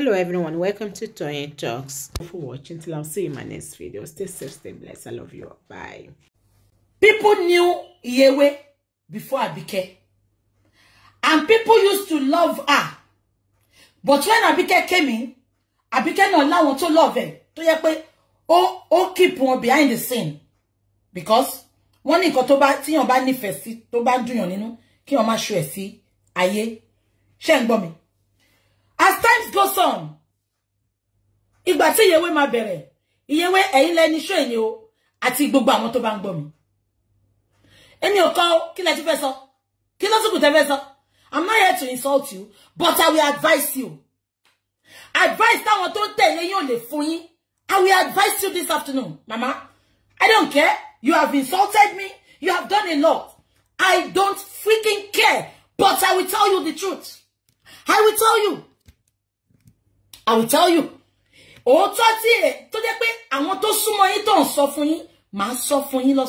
hello everyone welcome to Toyeen Talks for watching till i'll see you in my next video stay safe stay blessed i love you bye people knew Iyewe before Abike and people used to love her but when Abike came in Abike no allow tó love her tó yẹ oh oh, keep on behind the scene because one in kotoba, tó bá tíyàn bá nífẹ̀ẹ́ sí tó bá dùnyàn nínú kíyàn má show sí ayé ṣé ń mi as times go on ìgbà tí ìyẹwé máa bẹ̀rẹ̀ ìyẹwé ẹ̀yin lẹni iṣẹ́ ẹ̀yin o àti gbogbo àwọn tó bá ń gbọ́ mi èmi ò kọ́ kí lẹ ti fẹ́ sọ kí lọ́sùkù tẹ fẹ́ sọ I'm not here to insult you but I will advise you advice táwọn tó tell tẹ̀lé yóò lè fún yín I will advise you this afternoon mama I don't care you have insulted me you have done a lot I don't freaking care but I will tell you the truth I will tell you. I will tell you òótọ́ tí ẹ̀ tó jẹ́ pé àwọn tó súnmọ́ yín tó ń sọ fún yín màá sọ fún yín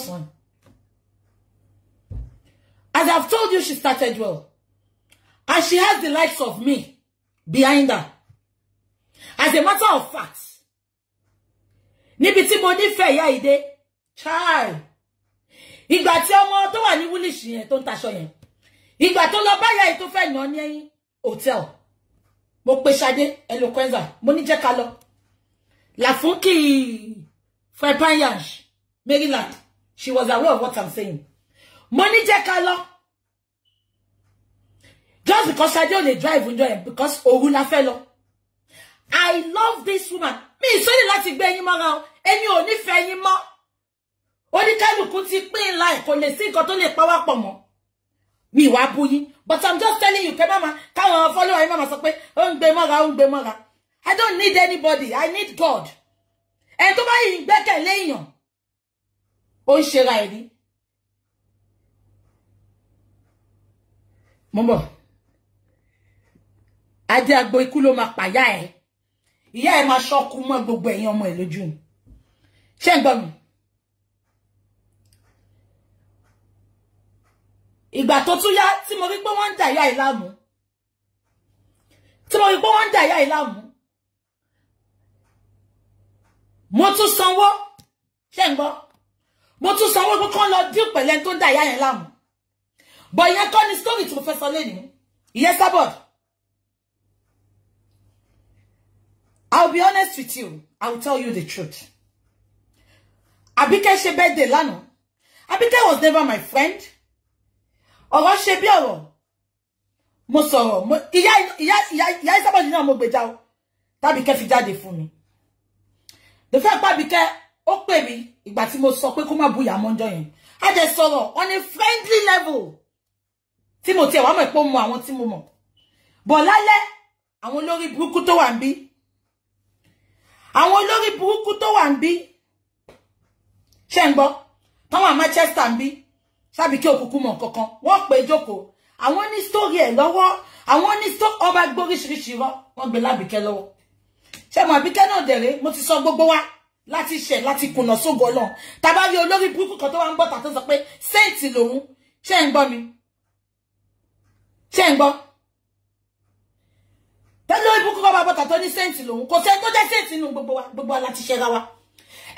as I've told you she started well and she has the likes of me behind her as a matter of fact níbi tí mo nífẹ̀ẹ́ ìyá ide child ìgbà tí ọmọ tó wà ní wúlíṣì yẹn tó ń taṣọ yẹn ìgbà tó lọ báyà yìí tó fẹ́ nà ní ẹ̀yìn hòtẹ́ẹ̀lì. mo pe Ṣadé eloquenza mo ní jẹ́ ká lọ Maryland she was aware of what I'm saying mo ní jẹ́ ká lọ just because Ṣadé ò lè drive in yẹn because Ogun la fẹ́ lọ I love this woman mi ìsọyìn láti gbé yín mọ́ra o èmi ò nífẹ̀ẹ́ yín mọ́ oníkálukú ti pín in life, kò lè sí nǹkan tó lè pawápọ̀ mọ́ mi wá bú but i'm just telling you kẹ́ máa ma káwọn follower yín máa ma sọ pé ó ń gbé mọ́ra ó ń gbé i don't need anybody i need god ẹni tó bá yìí ń gbẹ́kẹ̀lé èèyàn ó ń ṣera ẹ̀ ní. mo bọ̀ adé agbo ikú ló máa pàyà ẹ̀ ìyá ẹ̀ máa ṣọ́kú mọ́ gbogbo ẹ̀yin ọmọ ẹ̀ lójú ṣé ń gbọ́ ìgbà tó tún yá tí mo rí pé wọ́n dà ìyá ìlàmú tí mo rí pé wọ́n dà ìyá ìlàmú mo tún sanwó ṣe ń gbọ́ mo tún sanwó pé kán lọ dín pẹ̀lẹ́ tó ń dà ìyá yẹn láàmú bọ̀ ìyẹn kọ́ ni story tí mo fẹ́ sọ sábọ̀d I'll be honest with you I will tell you the truth Abike ṣe birthday lánàá Abike was never my friend. ọ̀rọ̀ ṣe bí ọ̀rọ̀ mo sọ̀rọ̀ mo ìyá ìyá ìyá ìyá Ìsàbọ̀dé náà mo gbèjà o tábìkẹ́ fi jáde fún mi the fact pábìkẹ́ ó pè mí ìgbà tí mo sọ pé kó má bu ìyá mọ́jọ́ yẹn a jẹ sọ̀rọ̀ on a friendly level tí mo tiẹ̀ wá mọ̀ pé ó mọ àwọn tí mo mọ̀ bọ̀ lálẹ́ àwọn olórí burúkú tó wà ń bí àwọn olórí burúkú tó wà ń bí ṣé ń gbọ́ táwọn àmọ́ ń bí ṣáàbí kí òkùnkùn mọ̀ kankan wọ́n pè é jókòó àwọn ní sítórì ẹ̀ lọ́wọ́ àwọn ní sító ọba gbóríṣiríṣi rọ wọ́n gbé lábìkẹ́ lọ́wọ́ ṣé mo àbíkẹ́ náà dẹ̀rẹ́ mo ti sọ gbogbo wa láti ṣẹ̀ láti kùnà sógo ọlọ́run tàbá rí olórí burúkú kan tó wá ń bọ̀ tàtó sọ pé sẹ́ǹtì lòun ṣé ń gbọ́ mi ṣé ń gbọ́ tẹ́lẹ̀ ìbùkún kọ́ bá bọ́ta tó ní sẹ́ǹtì lòun kò sẹ́ni tó jẹ́ sẹ́ǹtì nù gbogbo wa gbogbo wa láti ṣẹ́ra wa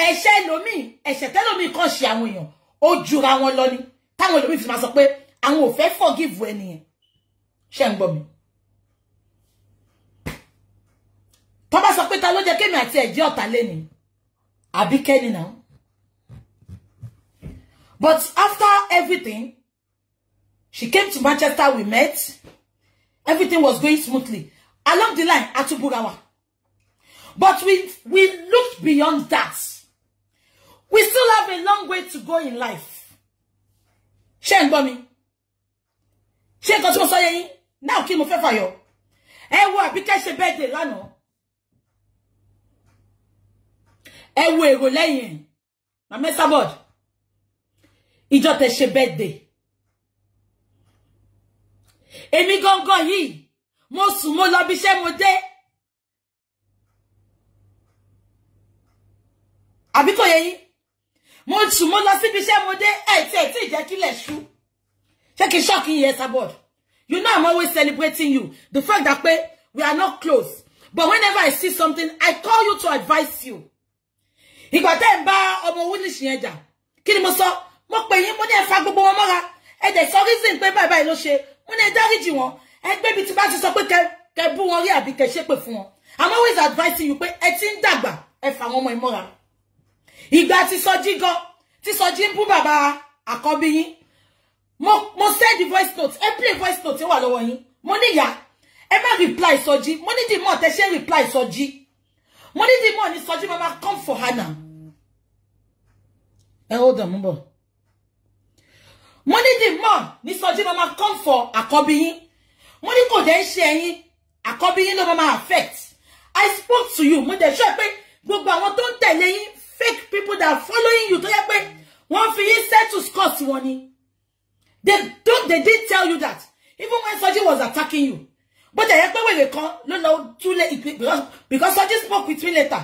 ẹ̀ṣẹ̀ lómi ẹ̀ṣẹ̀ tẹ́lómi kan ṣe àwọn èèyàn ó jura wọn lọ ni táwọn am fi to sọ pé àwọn ò fẹ́ forgive ẹni yẹn ṣé ń gbọ́ mi. tó bá sọ pé ta ló jẹ́ kémi àti ẹ̀jẹ̀ ọ̀tá lẹ́ni àbí kẹ́ni but after everything she came to Manchester we met everything was going smoothly along the line atuburawa but we we looked beyond that we still have a long way to go in life ṣé ń gbọ́ mi ṣé nǹkan tí mo sọ yẹ yín náà kí mo fẹ́ fàyọ ẹ wo Àbíkẹ́ ṣe birthday lánàá ẹ wo èrò lẹ́yìn na mesabod ìjọ tẹ ṣe birthday èmi gangan yìí mo sùn mo lọ bí mo dé àbí yẹ yín mo sùn mo lọ síbi iṣẹ́ mo dé ẹ̀ te ẹ̀ tí le kílẹ̀ ṣú ṣé kí ṣọ́ọ̀kì yẹn sabord you know I'm always celebrating you the fact that we we are not close but whenever I see something I call you to advise you ìgbà tẹ́ ń bá ọmọ Wunish yẹn jà kí ni mo sọ mo pè yín mo ní ẹ fa gbogbo wọn mọ́ra ẹ dẹ̀ sọ reason pé báyìí báyìí ló ṣe mo ní ẹ dáríjì wọn ẹ gbé ibi tí bá ti sọ pé kẹ bú wọn rí àbí kẹ ṣépè fún wọn I'm always advising you pé ẹ ti ń dàgbà ẹ fà wọn ọmọ ẹ ìgbà tí Sọjí gan tí Sọjí ń bàbá àkọ́bí yín mo mo send the voice note ẹ play voice note ẹ walo lọ́wọ́ yín mo ní ìyá ẹ má reply Sọjí mo ní dìímọ̀ tẹ ṣe reply Sọjí mo ní dìímọ̀ ní Sọjí mama come for her now ẹ hold on mo bọ̀ mo ní dìímọ̀ ní Sọjí mama come for àkọ́bí yín mo ní kò dẹ́ ṣe ẹyin àkọ́bí yín ló mama affect I spoke to you mo dẹ̀ ṣe pé gbogbo àwọn tó ń tẹ̀lé yín fake people that are following you tó yẹ pé wọ́n fi yín settle scores wọn ni they don't they did tell you that even when Saji was attacking you but bó jẹ́ yẹ they wèrè No, no too late because because Saji spoke with me later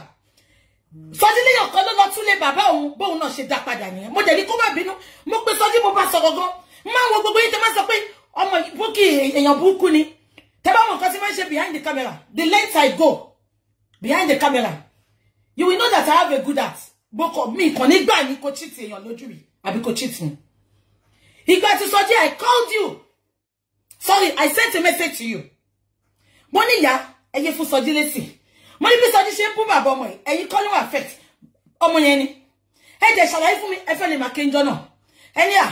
Soji léyàn kan ló lọ túlé bàbá òun bóun náà ṣe dá padà nìyẹn mo dẹ̀ ní kó má bínú mo pe Soji mo bá sọ gangan máa wo gbogbo yín tẹ́ máa sọ pé ọmọ búkì èèyàn burúkú ni tẹ́ mọ̀ nǹkan tí wọ́n behind the camera the length I go behind the camera you will know that I have a good heart. Boko mi go and ni go cheat èèyàn lójú rí be go cheat He Ìgbà to Soji I called you. Sorry, I sent a message to you. Money Mo and ya for fún Let lesi. Mo ní bí Soji ṣe bú bàbá ọmọ yìí, ẹ̀yin kọ́ ló affect ọmọ yẹn ni. Ẹ dẹ̀ lo affect omo I ni fún mi ẹ fẹ́ lè máa kenjo náà. Ẹni à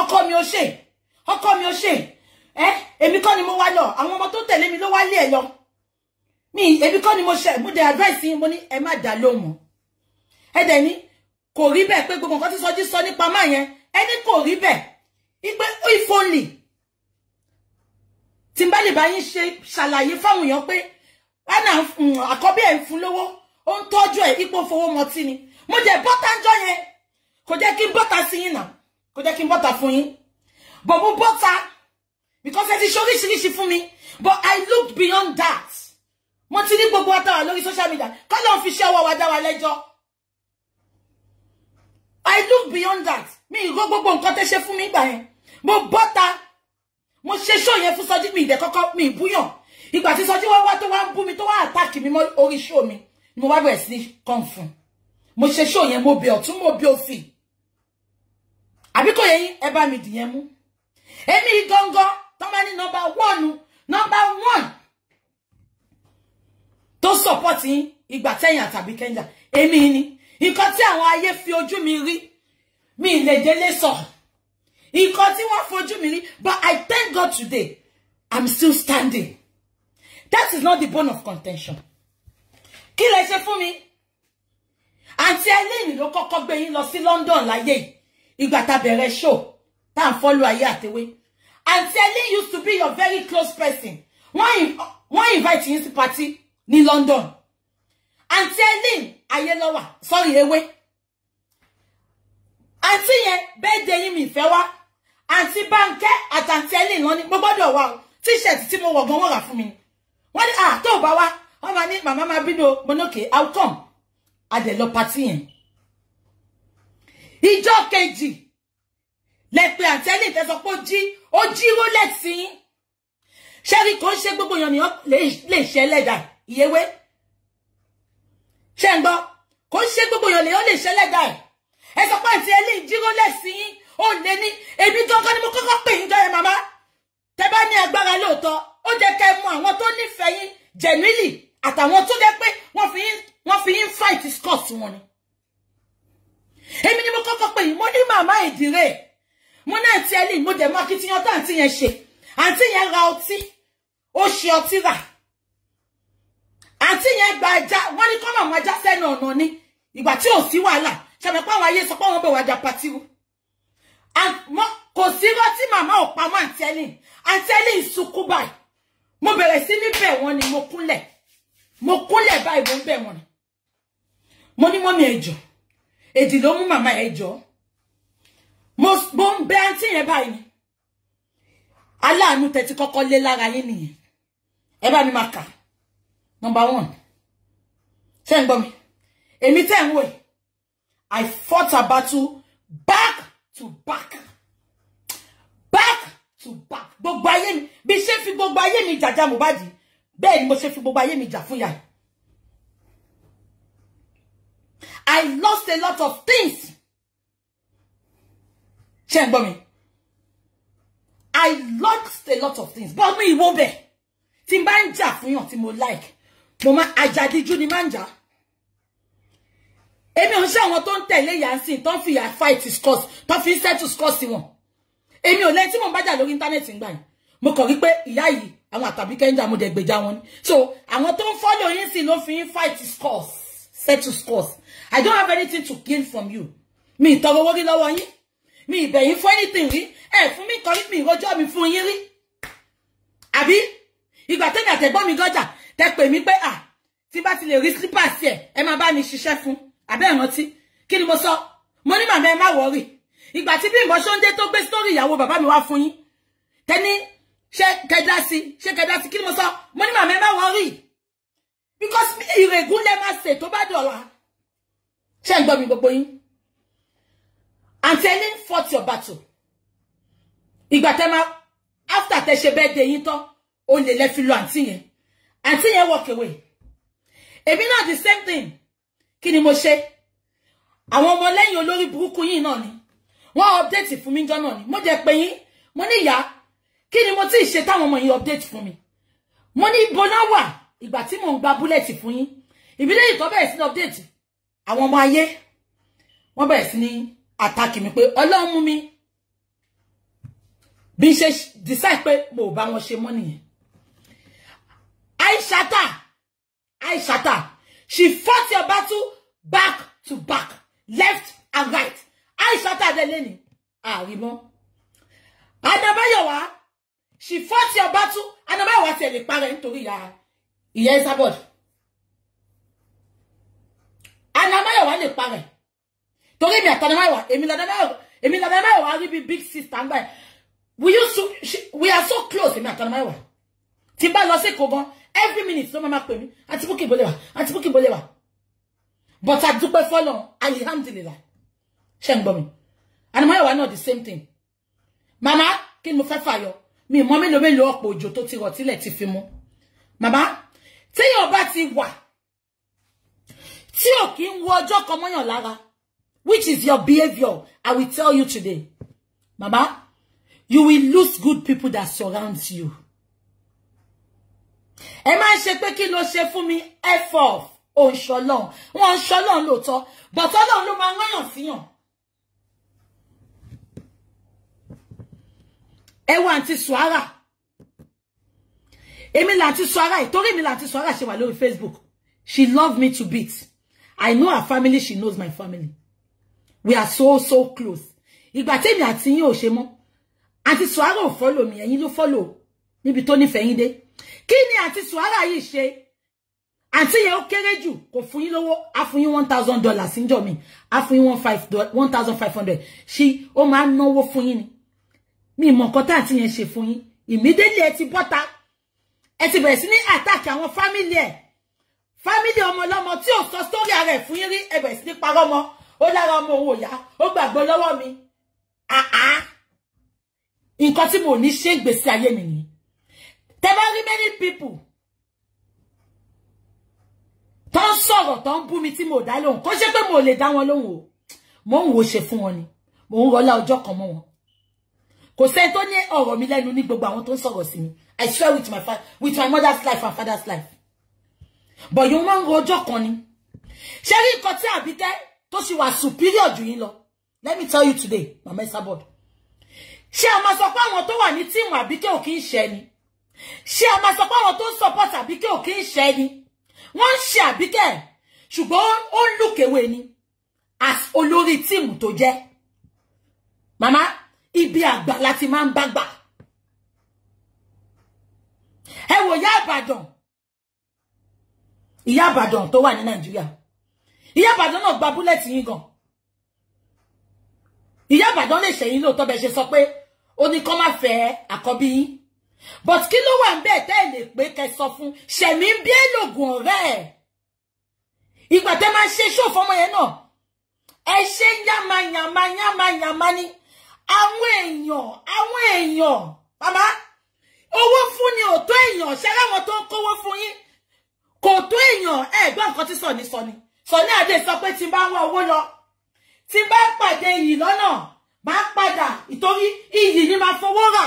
ọkọ mi ò ṣe. Ọkọ mi ò ṣe. Eh èmi kọ́ ni mo wá lọ, àwọn ọmọ tó tẹ̀lé mi ló wá lé ẹ lọ. mi ebi kọ́ ni mo ṣe mo dẹ̀ advice yín mo ní ẹ má dá lóhùn mọ́ ẹ dẹ̀ ní kò rí bẹ́ẹ̀ pé gbogbo nǹkan tí Sọjí sọ nípa máa yẹn ẹ ní kò rí bẹ́ẹ̀ ipe if only tí n bá lè bá yín ṣe ṣàlàyé fáwọn èèyàn pé ana mm, àkọ́bí ẹ̀ ń fún lówó ó ń tọ́jú ẹ̀ ipò fowó ni mo dẹ̀ bọ́tà ń jọ yẹn kò jẹ́ kí n bọ́tà sí yín náà kò jẹ́ kí n bọ́tà fún yín but mo bọ́tà because ẹ ti ṣe oríṣiríṣi fún mi but I looked beyond that mo ti ní gbogbo ọ̀tá lórí social media kọ́lọ̀ fi ṣe ọwọ́ wa dá wa lẹ́jọ́ i look beyond that mi ì gbọ́ gbogbo nǹkan tẹ́ ṣe fún mi ìgbà yẹn mo bọ́ta mo ṣe ṣó yẹn fún sọjí mi ìdẹ kọ́kọ́ mi ìbúyàn ìgbà tí sọjí wá wá tó wá ń bú mi tó wá àtàkì mi mọ́ orí ṣó mi ni mo wá bẹ̀rẹ̀ sí kàn fún mo ṣe ṣó yẹn mo bẹ̀ ọ̀tún mo bẹ̀ òsì àbí kò yẹ yín ẹ bá mi dìyẹn mú èmi gangan tọ́mọ ní nọmba one nọmba one tó support yín ìgbà tẹ́yìn àtàbí kẹ́ńjà èmi ni nǹkan tí àwọn ayé fi ojú mi rí mi lè délé sọ nǹkan tí wọ́n fojú mi rí but I thank God today I'm still standing that is not the bone of contention kí lẹ ṣe fún mi àǹtí ẹlẹ́yìn ló kọ́kọ́ gbé yín lọ sí London láyé ìgbà tá bẹ̀rẹ̀ show tá à ń follow ayé àtẹwé Auntie ẹlẹ́yìn used to be your very close person Why invite you to party ní London àǹtí elin ayélọ́wà sọ́rí ewé àǹtí yẹn bẹ́ẹ̀dẹ̀ yín mi ìfẹ́ wá àǹtí báńkẹ́ àtàǹtí elin wọn ni mo gbọ́dọ̀ wá o tíṣẹ̀tì tí mo wọ̀ gan wọ́n rà fún mi wọ́n ní à tó bá wá wọ́n máa mama màmá máa bínú monókè I'll come adẹ̀lọ pàtí yẹn ìjọ kejì lẹ́pẹ́ àǹtí elin tẹ́sọ pé ó jí ó jí rólẹ̀ sí ṣẹ́rí kan ṣe gbogbo èèyàn lè ṣe ẹlẹ́dàá ìyẹwé ṣe ń gbọ́ kò ń ṣe gbogbo yòlè ó lè ṣẹlẹ̀ dà ẹ̀ ẹ sọ pé àti ẹlẹ́ ìjíró lẹ̀sí yín ó lè ní èmi gangan ni mo kọ́kọ́ pè yín jọyọ̀ màmá tẹ bá ní agbára lóòótọ́ ó jẹ́ kẹ́ mọ àwọn tó nífẹ̀ẹ́ yín jẹ̀mílì àtàwọn tó jẹ́ pé wọ́n fi yín fi fight scott wọn ni èmi ni mo kọ́kọ́ pè yín mo ni mama edire mo na ti ẹlẹ́ mo de mọ́ akitiyan tó àǹtí yẹn ṣe àǹtí yẹn ra ọtí ó ṣe ọtí rà àǹtí yẹn gba ẹja wọ́n ní kọ́mọ̀ àwọn ajá sẹ́nu ọ̀nà ni ìgbà tí ò sí wàhálà ṣàmì pé àwọn ayé sọ pé wọ́n bẹ̀ wájà pàtí o kò sí irọ́ tí màmá ò pamọ́ àǹtí ẹlẹ́yìn àǹtí ẹlẹ́yìn sunkún báyìí mo bẹ̀rẹ̀ sí ní bẹ̀ wọ́n ni mo kúnlẹ̀ mo kúnlẹ̀ báyìí mo ń bẹ̀ wọ́n ni mo ní mọ́mí ẹ̀jọ̀ èdì ló mú màmá ẹ̀jọ̀ mo ń bẹ àǹtí yẹn báyìí ni aláàánú tẹ̀ ti kọ́kọ́ lé lára yín nìyẹn ẹ bá ni maka. Number one. Ṣé ń gbọ́ mi. Èmi tẹ́ ń I fought a battle back to back. Back to back. Gbogbo ayé be safe ṣe fi gbogbo jàjà Mohbad. Bẹ́ẹ̀ ni mo ṣe fi gbogbo ayé mi I lost a lot of things. ten, ń I lost a lot of things. But mi ìwọ bẹ̀. Tí n bá ń like mo máa àjàdíjú ni máa èmi ò ń ṣe àwọn tó ń tẹ̀lé yansin tó fi ìyà fight scores tó fi ń settle scores wọn èmi ò lẹ́yìn tí mo ń bájà lórí íńtánẹ́ẹ̀tì ń gbà yìí mo kàn rí pé ìyá yìí àwọn àtàbí kẹ́ńdà mo dẹ̀ gbèjà wọn so àwọn tó follow yín sí ló fi ń fight scores to score. I don't have anything to gain from you mi ì tọrọ owó rí lọ́wọ́ yín mi ì bẹ̀yìn fún anything rí ẹ̀ fún mi kọrí mi ìrọ́jọ́ mi fún yín rí àbí ìgbà tẹ́lẹ̀ àtẹ̀gbọ́n mi gọ́jà tẹ pè mí pé ah tí bá ti lè rí slippers ẹ ẹ máa bá mi ṣiṣẹ́ fún abẹ́ ìrántí kí ni mo sọ mo ní màmá ẹ má wọ̀rì ìgbà tí Bímbọ́ Ṣóńdé tó gbé sítórì ìyàwó bàbá mi wá fún yín tẹni ṣe kẹdá sí ṣe kẹdá sí kí mo sọ mo ní màmá ẹ má wọ̀rì because ìrègùn lẹ máa ṣe tó bá dọ̀la ṣe ń gbọ́ mi gbogbo yín àǹtí ẹni fought your battle ìgbà tẹ máa after tẹ ṣe bẹ́ẹ̀ dé yín tán ó lè lẹ́ fi lo àǹtí and see you walk away. Èmi not the same thing. Kini ni I want more. ọmọ your olórí burúkú yìí náà ni. Wọ́n update fún mi me, John? ni. Mo jẹ́ pé yín. Mo ní ìyá. Kí ni mo update fún me. Money ní ibo náà wà ìgbà tí mò ń gba búlẹ̀tì fún yín. Ìbílẹ̀ yìí tó bẹ̀rẹ̀ sí ní update. Àwọn ọmọ ayé. Wọ́n bẹ̀rẹ̀ sí ní attack mi pé Ọlọ́run mú mi. Bí ṣe decide pé mo ò bá Aishata, Aishata, she fought your battle back to back, left and right. Aishata Adeleni, ah, Rimo. Anabayowa, she fought your battle. Anabayowa tell the parent to ya. Ìyá Esabod. Anabayowa le parent. Torí mi àtànàmáyọ̀wá, èmi làdànàmáyọ̀wá, èmi làdànàmáyọ̀wá rí bí big sister ń gbà. We used to, she, we are so close, èmi àtànàmáyọ̀wá. Tí bá lọ sí kò gan, every minute ló máa máa pè mí àti Bukky ìbọlẹ̀ wà àti Bukky ìbọlẹ̀ wà but àdúpẹ́ fọ́lọ́run alihamdulilah ṣe ń gbọ́ mi Anamáyọ̀wá adupe folorun alihamdulilah se n gbo mi anamayowa not the same thing màmá kí ni mo fẹ́ fàyọ mi mọ mélòó mélòó ọ̀pọ̀ òjò tó ti rọ̀ tílẹ̀ ti fi mú màmá téèyàn bá ti wà tí ò kí ń wo ọjọ́ kan mọ́yàn lára which is your behaviour I will tell you today màmá you will lose good people that surrounds you ẹ má ṣe pé kí ló ṣe fún mi effort ò ń ṣọlọ́run wọ́n ń ṣọlọ́run But bọ̀tọ́ lọ́run ló máa ń yàn síyàn. ẹ wá àǹtí suara èmi làǹtí suara ìtorí mi làǹtí suara ṣe wà lórí Facebook she love me to bits I know her family she knows my family we are so so close ìgbà tèmi àti yín ò ṣe mọ́ àǹtí suara ò follow me. ẹ̀yin ló fọ́lò níbi tó nífẹ̀ẹ́ dé. Kini àǹtí suara yìí ṣe àǹtí yẹn ó kéré jù kò fún yín lówó á fún yín one thousand dollars níjọ mi á fún yín one five one thousand five hundred ṣí ó máa ń náwó fún yín ni mi mọ̀ nǹkan tá àǹtí yẹn ṣe fún yín immediately ẹ ti bọ́ta ẹ ti bẹ̀rẹ̀ sí ní attack àwọn family ẹ̀ family ọmọ ọlọ́mọ tí ò sọ story ara yín rí ẹ bẹ̀rẹ̀ sí ní parọ́ mọ́ ó lára ọmọ òun ò yá ó gbàgbọ́ lọ́wọ́ mi àá nǹkan tí mo o omo ya gbèsè ayé mi ah nnkan ti mo ni se n aye mi there are very many people. Tó ń sọ̀rọ̀ tó ń bú mi tí mo dá lóhùn. Kò ṣe pé mo lè dá wọn lóhùn o. Mo ń wo ṣe fún wọn ni. Mo ń rola ọjọ́ kan mọ́ wọn. Kò sẹ́ni tó ní ọ̀rọ̀ mi lẹ́nu ní gbogbo àwọn tó sọ̀rọ̀ sí mi. I swear with my father, with my mother's life and father's life. But you man go ọjọ́ kan ni. Ṣé rí nǹkan tí Àbíkẹ́ tó sì wà superior jù yín lọ? Let me tell you today, Mama Esabod. Ṣé o máa sọ pé àwọn tó wà ní tíìmù Àbíkẹ́ ò kí ń ṣẹ ni tiimu abike o ki n se she a máa sọ pé àwọn tó ń support àbíkẹ́ ò kí ń ṣe ni wọ́n ṣe àbíkẹ́ ṣùgbọ́n ó ń lùkèwé ni as olórí tíìmù tó jẹ́ màmá ibi àgbà láti máa ń bá gbà ẹ wò ìyá Ìbàdàn ìyá Ìbàdàn tó wà ní e wo ya badon? iya badon to wa yín gan ìyá Ìbàdàn lè ṣẹ̀yìn lóòótọ́ bẹ́ẹ̀ ṣe sọ pé ó kọ́ máa fẹ́ àkọ́bí yín but kí ló wà ń bẹ́ẹ̀ tẹ́ ẹ̀ lè pé kẹ́ sọ fún ṣẹ̀mí ń bí èlògùn ọ̀rẹ́ ẹ̀ ìgbà tẹ́ máa ṣe ṣòfò ọmọ yẹn náà ẹ ṣe yàmàyàmàyàmàyàmà ni àwọn èèyàn àwọn èèyàn bàbá owó fún ni ò tó èèyàn ṣe láwọn tó ń kówó fún yín kò tó èèyàn ẹ gbọ́ nǹkan tí sọ̀ni sọ̀ni sọ̀ni àdé sọ pé tí n bá wá owó lọ tí bá pàdé iyì lọ́nà bá padà ìtorí iyì ni máa fowó rà.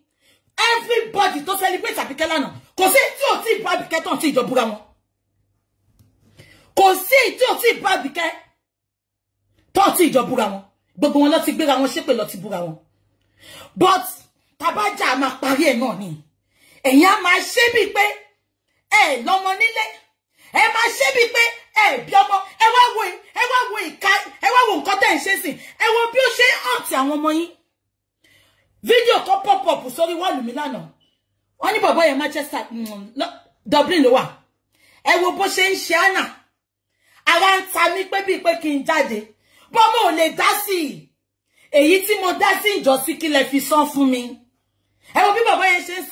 everybody tó celebrate Àbíkẹ́ lánàá kò sí tí ò tí bá Àbíkẹ́ tán tí ìjọ búra wọn kò sí tí ò tí bá Àbíkẹ́ tán tí ìjọ búra wọn gbogbo wọn lọ ti gbéra wọn ṣépè lọ ti ba abike tan ti ijo bura won ko si ti see, ti ba abike tan ti ijo bura won gbogbo won lo ti gbera won sepe lo ti bura but tabaja a máa parí ẹ̀ náà ni ẹ̀yin á máa ṣe bíi pé ẹ lọ́mọ nílé ẹ máa ṣe bíi pé ẹ bí what ẹ wá what ẹ wá wo ìka ẹ wá wo nǹkan tẹ́ ń ṣe sìn ẹ wo Video kan pop up sorry wọ́ọ̀lù mi lánàá wọ́n bàbá Manchester mm, Dublin ló wà ẹ wo bó ṣe ń ṣe àná ara ń ta mí pé bíi pé kí n jáde n ta bomo le dasi, si tí mo dá sí siki kí lẹ fi san fún mi ẹ wo bí bàbá yẹn ṣe ń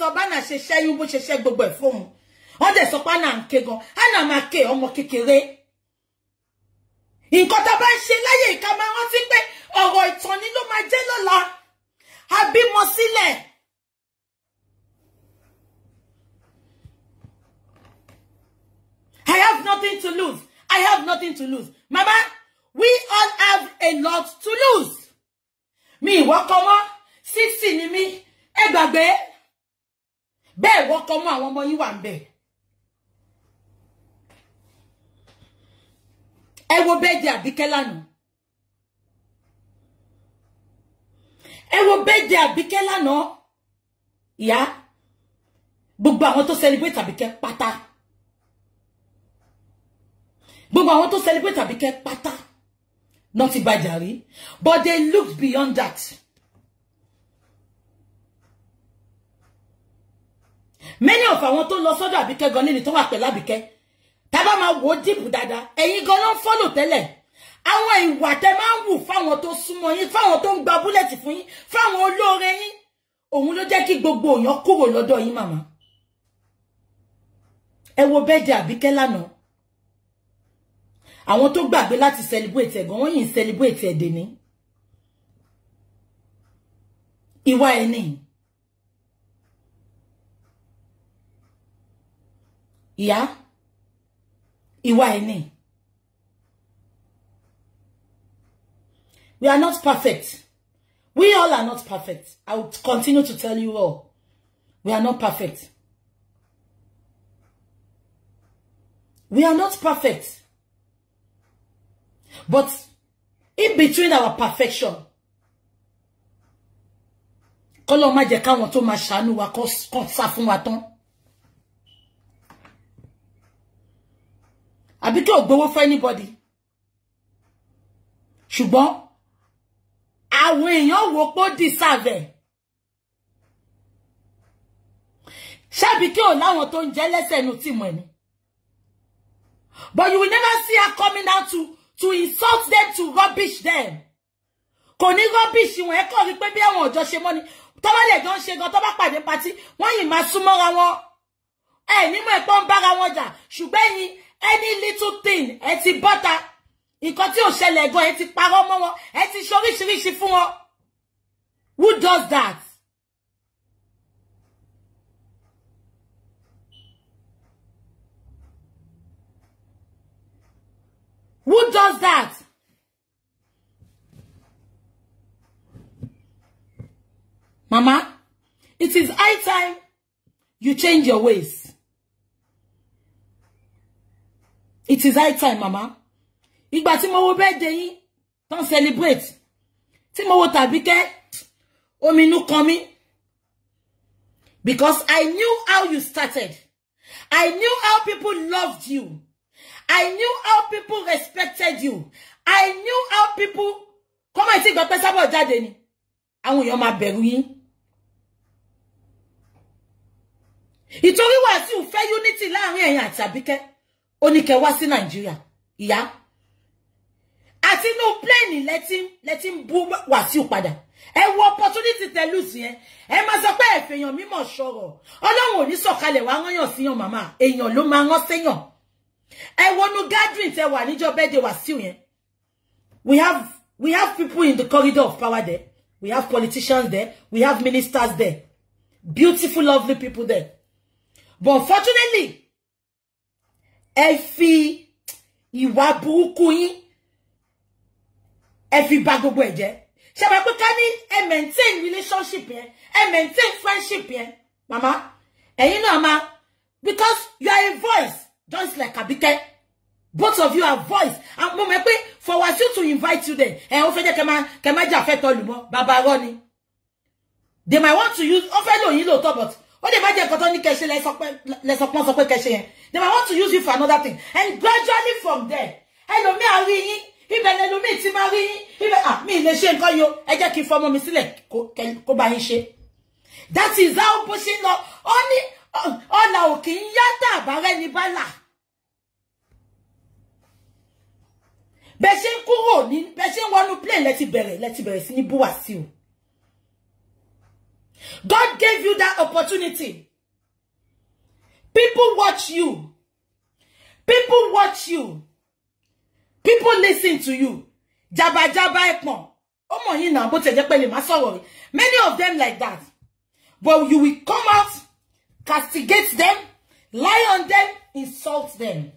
ṣe ṣẹ́yún bó ṣe ṣẹ́ gbogbo ẹ̀ fóun wọ́n dẹ̀ sọ àná ń ké gan àná máa ké ọmọ kékeré nǹkan tá a bá ń ṣe láyé ìka máa pé ọ̀rọ̀ ìtàn ni ló máa jẹ́ lọ́la a bímọ sílẹ̀. I have nothing to lose. I have nothing to lose. Mama, we all have a lot to lose. Me, ìwọ́kọ mọ́, sísì ni mí, ẹ gbàgbé. Bẹ́ẹ̀ ìwọ́kọ mọ́ àwọn ọmọ yín wà ń bẹ̀. Ẹ wo bẹ́ẹ̀ di àbíkẹ́ Ewo wo birthday Àbíkẹ́ lánàá ìyá gbogbo àwọn tó celebrate Àbíkẹ́ pátá gbogbo àwọn tó celebrate Àbíkẹ́ pátá náà ti bàjà rí but they looked beyond that. many of àwọn tó lọ sọ́dọ̀ Àbíkẹ́ gan nílì tó wà pẹ̀lú Àbíkẹ́ Taba ma bá máa wò ó dìbò dáadáa ẹ̀yin gan ló ń tẹ́lẹ̀. àwọn ìwà tẹ máa ń wù fáwọn tó súnmọ́ yín fáwọn tó ń gba búlẹ̀tì fún yín fáwọn olóore yín òun ló jẹ́ kí gbogbo èèyàn kúrò lọ́dọ̀ yín màmá ẹ wo bẹ́ẹ̀dẹ̀ àbíkẹ́ lánàá àwọn tó gbàgbé láti celebrate ẹ̀ gan wọ́n yìí ń celebrate ẹ̀ dèní ìwà ẹ̀ ní ìyá ìwà ẹ̀ ní. We are not perfect. We all are not perfect. I will continue to tell you all. We are not perfect. We are not perfect. But in between our perfection, kọ́lọ́ má jẹ́ káwọn tó máa ṣàánú anybody. àwọn èèyàn wò pé ó deserve ẹ̀ ṣebí kí o láwọn tó ń jẹ́ lẹ́sẹ̀ inú tìmọ̀ ẹ̀ ni but you will never see her coming out to to insult them to rubbish them kò ní rubbish wọn ẹ kọ́ rí pé bí àwọn ọ̀jọ́ ṣe mọ́ ni tó bá lè jọ ń ṣe gan tó bá pàdé patí wọ́n yìí máa súnmọ́ra wọn ẹ nímọ̀ ẹ̀pọ̀ ń bára wọn jà ṣùgbẹ́yìn any little thing ẹ ti bọ́ta. ti parọ́ mọ́ wọn ẹ ti ṣe oríṣiríṣi wọn who does that who does that mama it is high time you change your ways it is high time mama ìgbà tí mo wo birthday yín tán celebrate tí mo wo ke? omi inú kan mi because I knew how you started I knew how people loved you I knew how people respected you I knew how people come ìtì ìgbà pẹ́ sábọ̀ jáde ni àwọn èèyàn máa bẹ̀rù yín. ìtorí Wàsíù fẹ́ unity láàrin ẹ̀yin àti Àbíkẹ́ ó ní kẹ́ wá sí Nàìjíríà ìyá àti inú pléènì lẹ́tí ń bú you, padà ẹ wo opportunity tẹ̀lú sí ẹ ẹ máa sọ pé ẹ̀fẹ̀yàn mímọ̀ sọ̀rọ̀ ọlọ́run ò ní sọ̀kalẹ̀ wá rányàn síyàn màmá èèyàn ló máa rán séyàn ẹ wọnú gathering tẹ wà níjọ bẹ́ẹ̀dẹ̀ Wàsíù yẹn we have we have people in the corridor of power there we have politicians there we have ministers there beautiful lovely people there but unfortunately ẹ fi ìwà burúkú yín Every fi bà gbogbo ẹ̀ jẹ́ ṣe mọ̀ pé ká maintain relationship yẹn ẹ maintain friendship yẹn màmá And you know, máa because you are a voice just like Abike both of you are voice and mo mọ̀ pé for Wasiu to invite you there ẹ̀ ó fẹ́ jẹ́ can má just fẹ́ tọ́lù mọ́ bàbá rọ́ ni they might want to use ó fẹ́ know yín lóòótọ́ but ó lè má jẹ́ nǹkan tó ní kẹ́ṣe lẹ́sọpọ́n sọ pé kẹ́ṣe yẹn they might want to use you for another thing and gradually from there hello, me rí yín ibẹ̀ lẹnu mi ti máa rí ibẹ̀ à ah, mi lè ṣe nǹkan yo ẹ jẹ́ kí fọmọ mi sílẹ̀ kó bá ṣe that is how pushing ṣe lọ ó ní ọ̀nà ò kì í yá tàbárẹ́ ní bálà bẹ ṣe ń kúrò ní bẹ ṣe ń wọnú plane lẹ ti bẹ̀rẹ̀ lẹ ti bẹ̀rẹ̀ sí ní búwa sí o God gave you that opportunity people watch you people watch you. People listen to you. Jabba, jabba, ekpon. Omo yin na bote Many of them like that. But you will come out, castigate them, lie on them, insult them.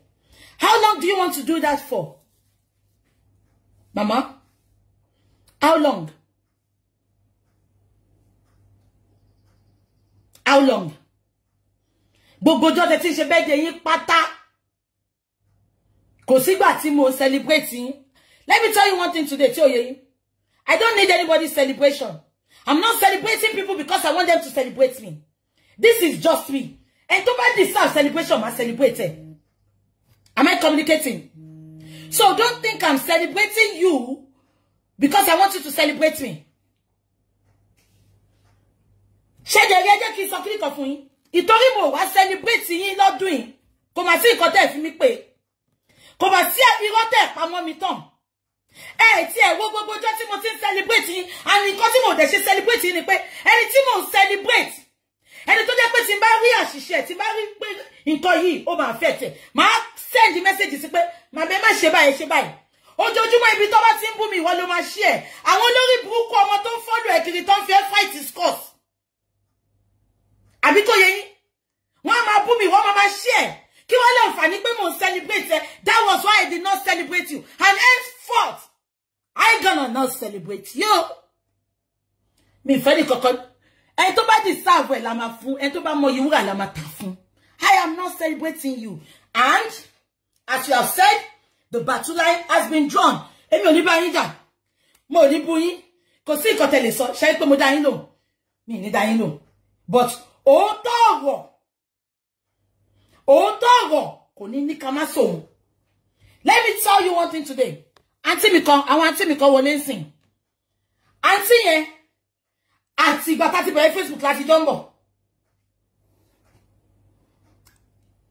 How long do you want to do that for? Mama? How long? How long? Bogojo ọjọ́ ti ṣe bẹ́ẹ̀ yín pátá kò sígbà tí mo celebrating. let me tell you one thing today Tell you, I don't need anybody's celebration I'm not celebrating people because I want them to celebrate me this is just me And tó bá deserve celebration I celebrate am I communicating so don't think I'm celebrating you because I want you to celebrate me kò bá sí irọ́ tẹ̀ pamọ́ mi tán ẹ ti ẹ wo gbogbo ọjọ́ tí mo ti ń celebrate yín àmì nǹkan tí mo dẹ̀ ṣe celebrate yín ni pé ẹni tí mo ń celebrate ẹni tó jẹ́ pé tí celebrate yin Ani nnkan rí àṣìṣe tí bá rí pé nǹkan yìí ó máa fẹ́ tẹ̀ máa send message sí pé màbẹ́ má ṣe báyìí ṣe báyìí ojoojúmọ́ ibi tó bá ti ń bú mi ìwọ ló máa ṣí ẹ̀ àwọn olórí burúkú ọmọ tó follow ẹ̀ kiri tó ń fight his cause àbí tó yẹ yín wọ́n á máa bú mi ìwọ máa máa ṣí kí wọ́n lè àǹfààní pé celebrate that was why I did not celebrate you and henceforth I gonna not celebrate you. Me fẹ́ ní kankan ẹni tó bá deserve ẹ̀ la fún ẹni tó bá mọ ìwúrà la máa I am not celebrating you and as you have said the battle line has been drawn èmi oni ní bá yín jà mo ò ní bú yín lè sọ ṣe é mo dá yín lò mi ní dá yín lò but òótọ́ ọ̀rọ̀ òun tó wọ̀ kò ní ní ká so. let me tell you one thing today Auntie Miko, I want Auntie Miko kan wọlé ń sìn àǹtí yẹn àti ìgbà tá ti bẹ̀rẹ̀ facebook láti jọ ń bọ̀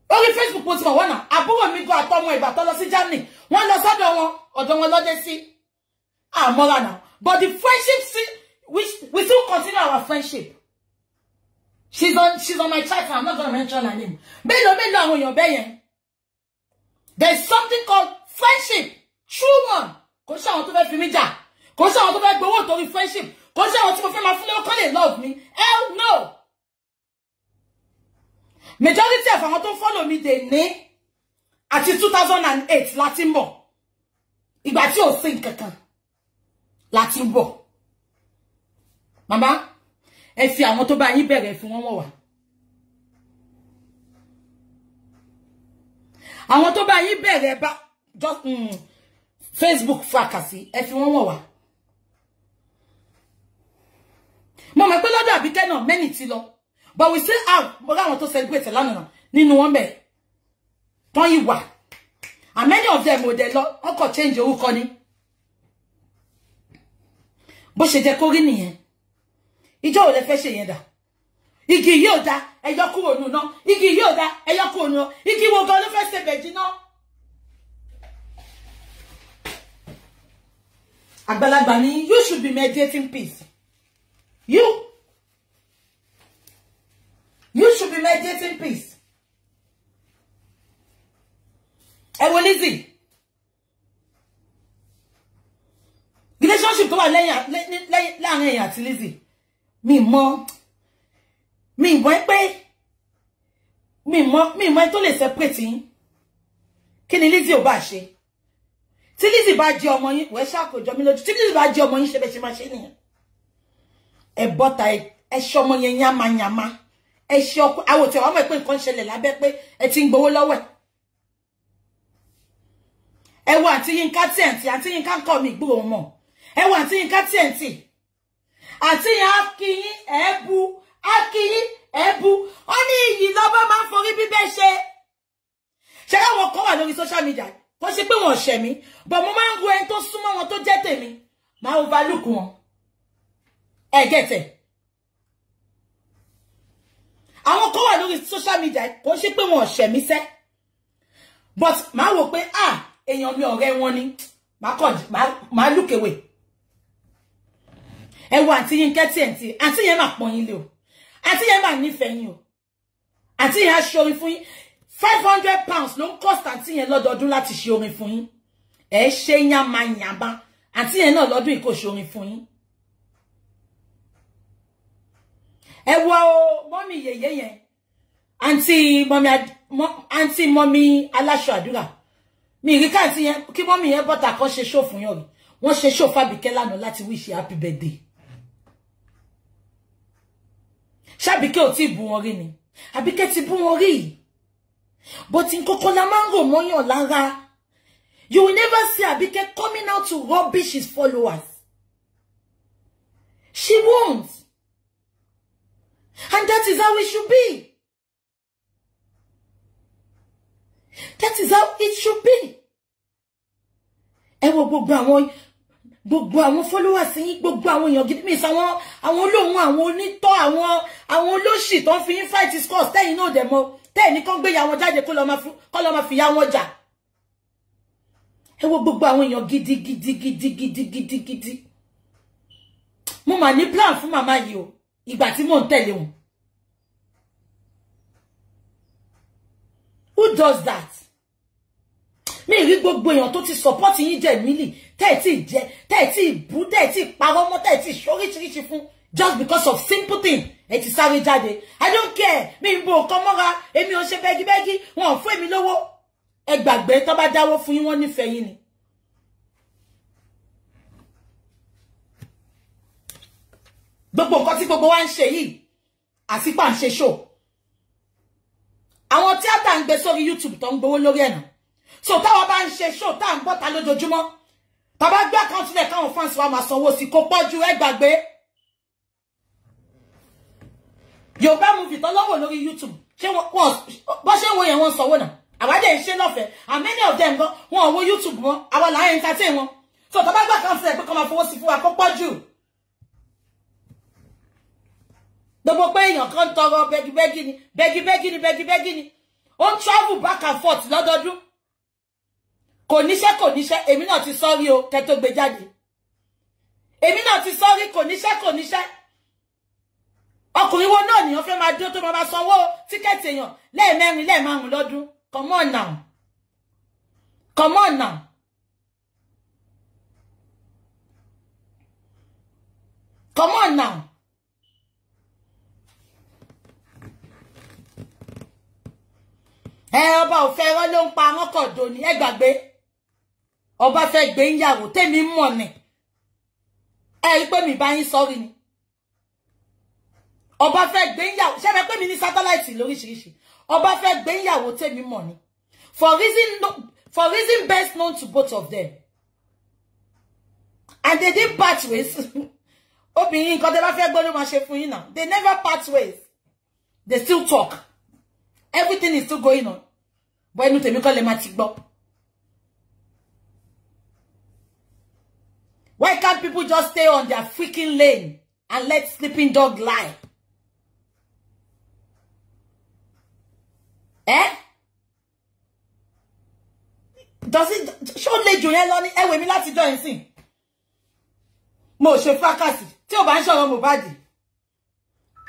orí facebook mo ti mọ̀ wọ́n náà àbúrò mi gan àtọmọ ìgbà tó lọ sí germany wọ́n lọ sọ́dọ̀ wọn ọ̀dọ̀ wọn lọ́dẹ sí àmọ́ra náà but the friendship see, we, we still continue our friendship She's on she's on my chat. I'm not gonna mention her name. Bello bello when you're yẹn. There's something called friendship. True one. Kò ṣe àwọn tó fẹ́ fi mí jà. Kò be àwọn tó be friendship. Kò ṣe to be my friend. máa fún lówó kán love me. Hell no. Majority of them àwọn tó follow me dey ní until 2008 Latin ń bọ̀. Ìgbà tí ò sí nǹkan kan láti ń bọ̀. Màmá. ẹ fi àwọn tó bá yín bẹ̀rẹ̀ fún wọn wọ̀n wá. àwọn tó bá yín bẹ̀rẹ̀ bá hmm, Facebook fàkàsí ẹ fi wọ́n wọ̀n wá. mo mọ̀ pé lọ́dọ̀ àbíkẹ́ náà mẹ́ni ti lọ but we still have mo ráwọn tó celebrate lánàá nínú wọn bẹ̀ tán yìí wà and many of them ò dẹ̀ lọ ọkọ̀ change orúkọ ni bó ṣe jẹ́ kó rí nìyẹn ìjọ fẹ́ ṣe yẹn dà igi yìí ò da ẹyọ kúrò nù náà igi yìí ò da ẹyọ igi o da kuro nu igi wo gan ló fẹ́ ṣe bẹ̀jì náà. àgbàlagbà ni you should be mediating peace you you should be mediating peace. ẹ wo Lizzy relationship tó wà lẹ́yìn láàrin ẹ̀yìn àti Lizzy. mi mọ mi mọ ẹ pé mi mọ mi mọ ẹ tó lè separate yín kí ni Lizzy ò bá ṣe tí Lizzy bá jẹ ọmọ yín wẹ́ ṣàkójọ mi lójú tí Lizzy bá jẹ ọmọ yín ṣe bẹ́ẹ̀ ṣe máa ṣe nìyẹn ẹ bọ́ta ẹ ṣe ọmọ yẹn yánmayànmá ẹ ṣe ọkọ àwọn òtí ọmọ ẹ pé nǹkan ṣẹlẹ̀ lábẹ́ pé ẹ ti ń gbowó lọ́wọ́ ẹ̀ ẹ wo àti Yínká TNT àti Yínká ń kọ́ mi ìgbúrò wọn ẹ wo àti Yínká TNT àti yẹn á kí yín ẹ̀ẹ́bu á kí yín ẹ̀ẹ́bu ó ní iyì lọ́bọ́ máa ń forí bíbẹ́ ṣe ṣé àwọn kan wà lórí social media kò ṣe pé wọ́n ṣẹ̀ mí bọ̀ mo máa ń wo ẹni tó súnmọ́ wọn tó jẹ́ tèmi máa overlook wọn ẹ̀gẹ̀tẹ̀ àwọn kan wà lórí social media kò ṣe pé wọ́n ṣẹ̀ mí sẹ́ but máa wò pé ah èèyàn mi ọ̀rẹ́ wọn ni máa kọ̀ máa look away ẹ wo àǹtí yín kẹ́tì ẹ̀ǹtì àǹtí yẹn máa pọ́n yín lé o àǹtí yẹn máa nífẹ̀ẹ́ yín o àǹtí yẹn á ṣe orin fún yín five hundred pounds ló ń cost àǹtí yẹn lọ́dọọdún láti ṣe orin fún yín ẹ ṣe yánmayànba àǹtí yẹn náà lọ́dún yìí kò ṣe orin fún yín. ẹ wo mọ́mí yèyé yẹn àǹtí mọ́mí àǹtí mọ́mí aláṣọ àdúrà mi rí káàntì yẹn kí mọ́mí yẹn bọ́ta kan ṣe ṣó fún yàn rí wọ́n ṣe ṣó fàbíkẹ́ lánàá láti wíṣẹ́ happy birthday. ṣàbíkẹ́ ò tí ì bú wọn rí ni àbíkẹ́ ti bú wọn rí bó ti ń kókó la máa ń rò mọ́yàn lára you will never see Abike coming out to rubbish his followers. She won't. And that is how it should be. That is how it should be. Ẹ wo gbogbo àwọn gbogbo àwọn followers yín gbogbo àwọn èèyàn gidi mi sàwọn àwọn olóhùn àwọn onítọ́ àwọn àwọn olóṣì tó ń fi yín fight scores tẹ́yìn náà dẹ̀ mọ tẹ́yìn ní kán gbé ya wọn jáde kó lọ́ọ́ máa fi ya wọn jà ẹ wo gbogbo àwọn èèyàn gidi gidi gidi gidi gidi gidi mo mà ní plan fún màmá yìí o ìgbà tí mò ń tẹ̀lé wọn who does that mi rí gbogbo èèyàn tó ti support yín jẹ mílì tẹ́ ẹ̀ tí jẹ tẹ́ ẹ̀ tí bú tẹ́ ẹ̀ tí parọ́ mọ́ tẹ́ just because of simple thing ẹ ti sáré jáde i don't care mi ń bo nǹkan mọ́ra èmi ò ṣe begi wọn ò fún èmi lówó ẹ gbàgbé tó bá dáwó fún yín wọ́n nífẹ̀ẹ́ yín ni. gbogbo nǹkan tí gbogbo wa ń ṣe yìí àsìpà ń ṣe ṣò àwọn tíátà ń gbé sórí youtube tó ń gbowó lórí ẹ̀nà so táwa bá ń ṣe show tá à ń bọ́ta lójoojúmọ́ tàbá gbé àkáǹtì lẹ̀ káwọn fans wa máa sanwó sí kó pọ̀ ju ẹ gbàgbé yorùbá movie tọ́lọ́wọ̀ lórí youtube ṣé wọ́n bọ́ ṣe ń wo yẹn wọ́n sanwó náà àwa dẹ̀ ń ṣe lọ́fẹ̀ẹ́ and many of them gan wọn wo youtube wọn àwa là ń entertain wọn so tọ́ba gbà kan sílẹ̀ pé kọ́ máa fowó sí fún wa kó pọ̀ jù gbogbo pé èèyàn kan tọrọ bẹ́gibẹ́gi ni bẹ́gibẹ́gi ni bẹ́gibẹ́gi ni ó ń travel back and forth lọ́dọọdún kò níṣẹ́ èmi na ti sọ́rí o kẹ́ tó gbé jáde èmi náà ti sọ́rí kò níṣẹ́ kò níṣẹ́ ọkùnrin wo náà nìyàn fẹ́ máa dúró tó máa sanwó tíkẹ́ẹ̀tì èèyàn lẹ́ẹ̀mẹ́rin lẹ́ẹ̀márùn lọ́dún come on now come on now. Come on now. Eh ọba ò fẹ́ ẹ̀rọ ló ń pa mọ́kàndó ni ẹ gbàgbé ọba fẹ́ gbé ìyàwó tèmi mọ̀ ni ẹ rí pé mi bá yín sọ́rí ni ọba fẹ́ gbé ìyàwó ṣe fẹ́ pé mi ní sátáláìtì lóríṣiríṣi ọba fẹ́ gbé ìyàwó tèmi mọ̀ ni for reason for reason best known to both of them and they didn't part ways obìnrin nǹkan tẹ́ bá fẹ́ gbọ́ ló máa ṣe fún yín náà they never part ways they still talk everything is still going on bọ́ ẹnu tèmi kọ́ lè máa ti gbọ́. Why can't people just stay on their freaking lane and let sleeping dog lie? Eh? Does it show le jù yẹn Eh? We mean mi láti join sin? Mo ṣe fracas tí ó bá ń sọ̀rọ̀ Mohbad.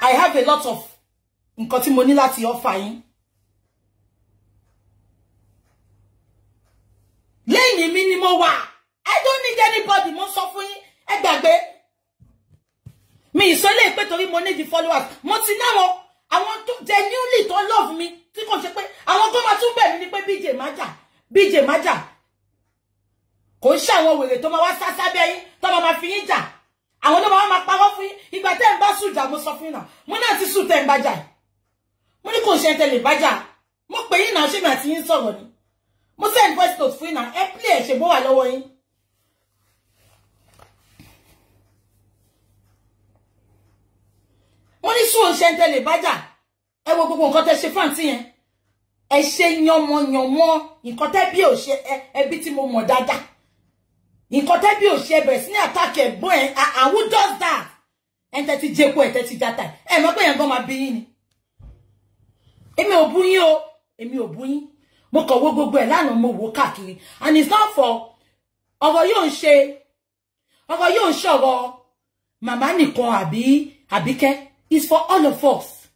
I have a lot of nǹkan tí mo ní láti offer yín. Lẹ́yìn minimum one. I don't need anybody mo sọ fún yín ẹ gbàgbé mi ìsọ ilé ìpè torí mo need followers mo ti náwọn àwọn tó genuinely tó love me. tí kò ṣe pé àwọn tó máa tún bẹ̀ mí ni pé BJ Maja BJ Maja kò ń ṣàwọn wèrè tó máa wá sásá bí ẹyin tó máa máa fi yín jà àwọn tó máa máa parọ́ fún yín ìgbà tẹ́ ẹ̀ bá sùn jà mo sọ fún yín náà mo náà ti sùn tẹ́ ẹ̀ bá jà mo ní kò ṣe ẹ̀ tẹ̀lé bá jà mo pè yín náà ṣé mi àti yín sọ̀rọ̀ ni mo send voice note fún yín náà ẹ play ẹ̀ ṣe bó wà lọ́wọ́ yín wọ́n ní sùn ṣe tẹ̀lé bájà ẹ wo gbogbo nǹkan tẹ́ ṣe fáǹtì yẹn ẹ ṣe tẹ́ bí ò ṣe ẹbí tí mo mọ̀ dada. nǹkan tẹ́ bí ò ṣe bẹ̀rẹ̀ sí ní àtàkì ẹ̀gbọ́n ẹ̀ who does that ẹ̀ tẹ́ ti jẹ́kọ ẹ̀ tẹ́ ti jata ẹ̀ mọ̀ pé yẹn gan máa bí yín ni èmi ò bú yín o èmi ò bú yín mo pe yen gan bi yin ni emi o bu o emi o bu yin mo kan wo ẹ̀ mo wò and it's not for ọ̀rọ̀ yóò ń ṣe ọ̀rọ̀ yóò ń ṣọ̀rọ̀ àbí àbíkẹ́ is for all of us.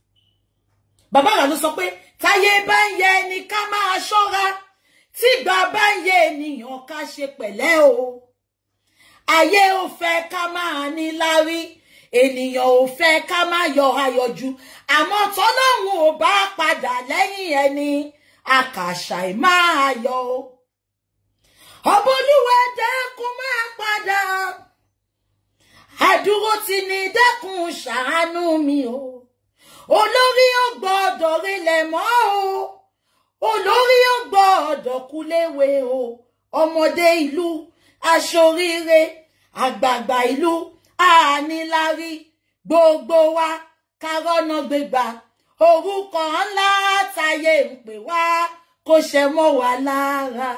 Baba wa ló sọ pé táyé bá ń yẹ ẹni ká máa ṣọ́ra tí ìgbà bá ń yẹ ènìyàn ká ṣe pẹ̀lẹ́ o. Ayé ò fẹ́ ká máa ní lárí ènìyàn ò fẹ́ ká máa yọ ayọ̀jú àmọ́ tọ́lọ́hun ò bá padà lẹ́yìn ẹni àkàṣà ẹ̀ máa yọ. Ọbọ̀lúwẹ̀ dẹ́kun máa padà àdúró ti ní dẹ́kun ṣàánú mi o olórí ò gbọ́dọ̀ relẹ̀ mọ́ o olórí ò gbọ́dọ̀ kúléwe o ọmọdé ìlú aṣoríire àgbààgbà ìlú àánilárí gbogbo wa karọ́nà gbégbá orúkọ ńlá táyé ń pè wá kó ṣe mọ́ wa lára.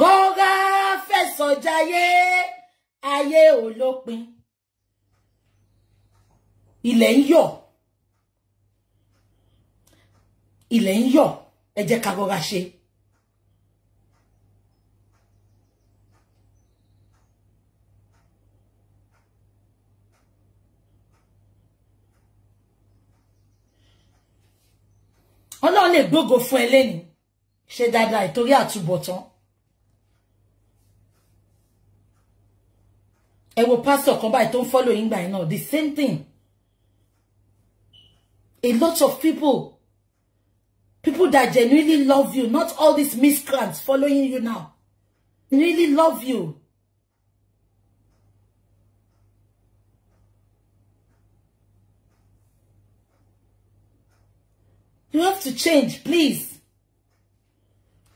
gógá fẹ̀sọ̀ jayé ayé ò lópin ilẹ̀ ń yọ̀ ilẹ̀ ń yọ̀ ẹ jẹ́ ká gógá ṣe. ọlọ́run lè gbógo fún ẹ ṣe dáadáa ìtorí àtúbọ̀tán ẹ will pastor come by Don't follow him by now. the same thing a lot of people people that genuinely love you not all these miscreants following you now really love you you have to change please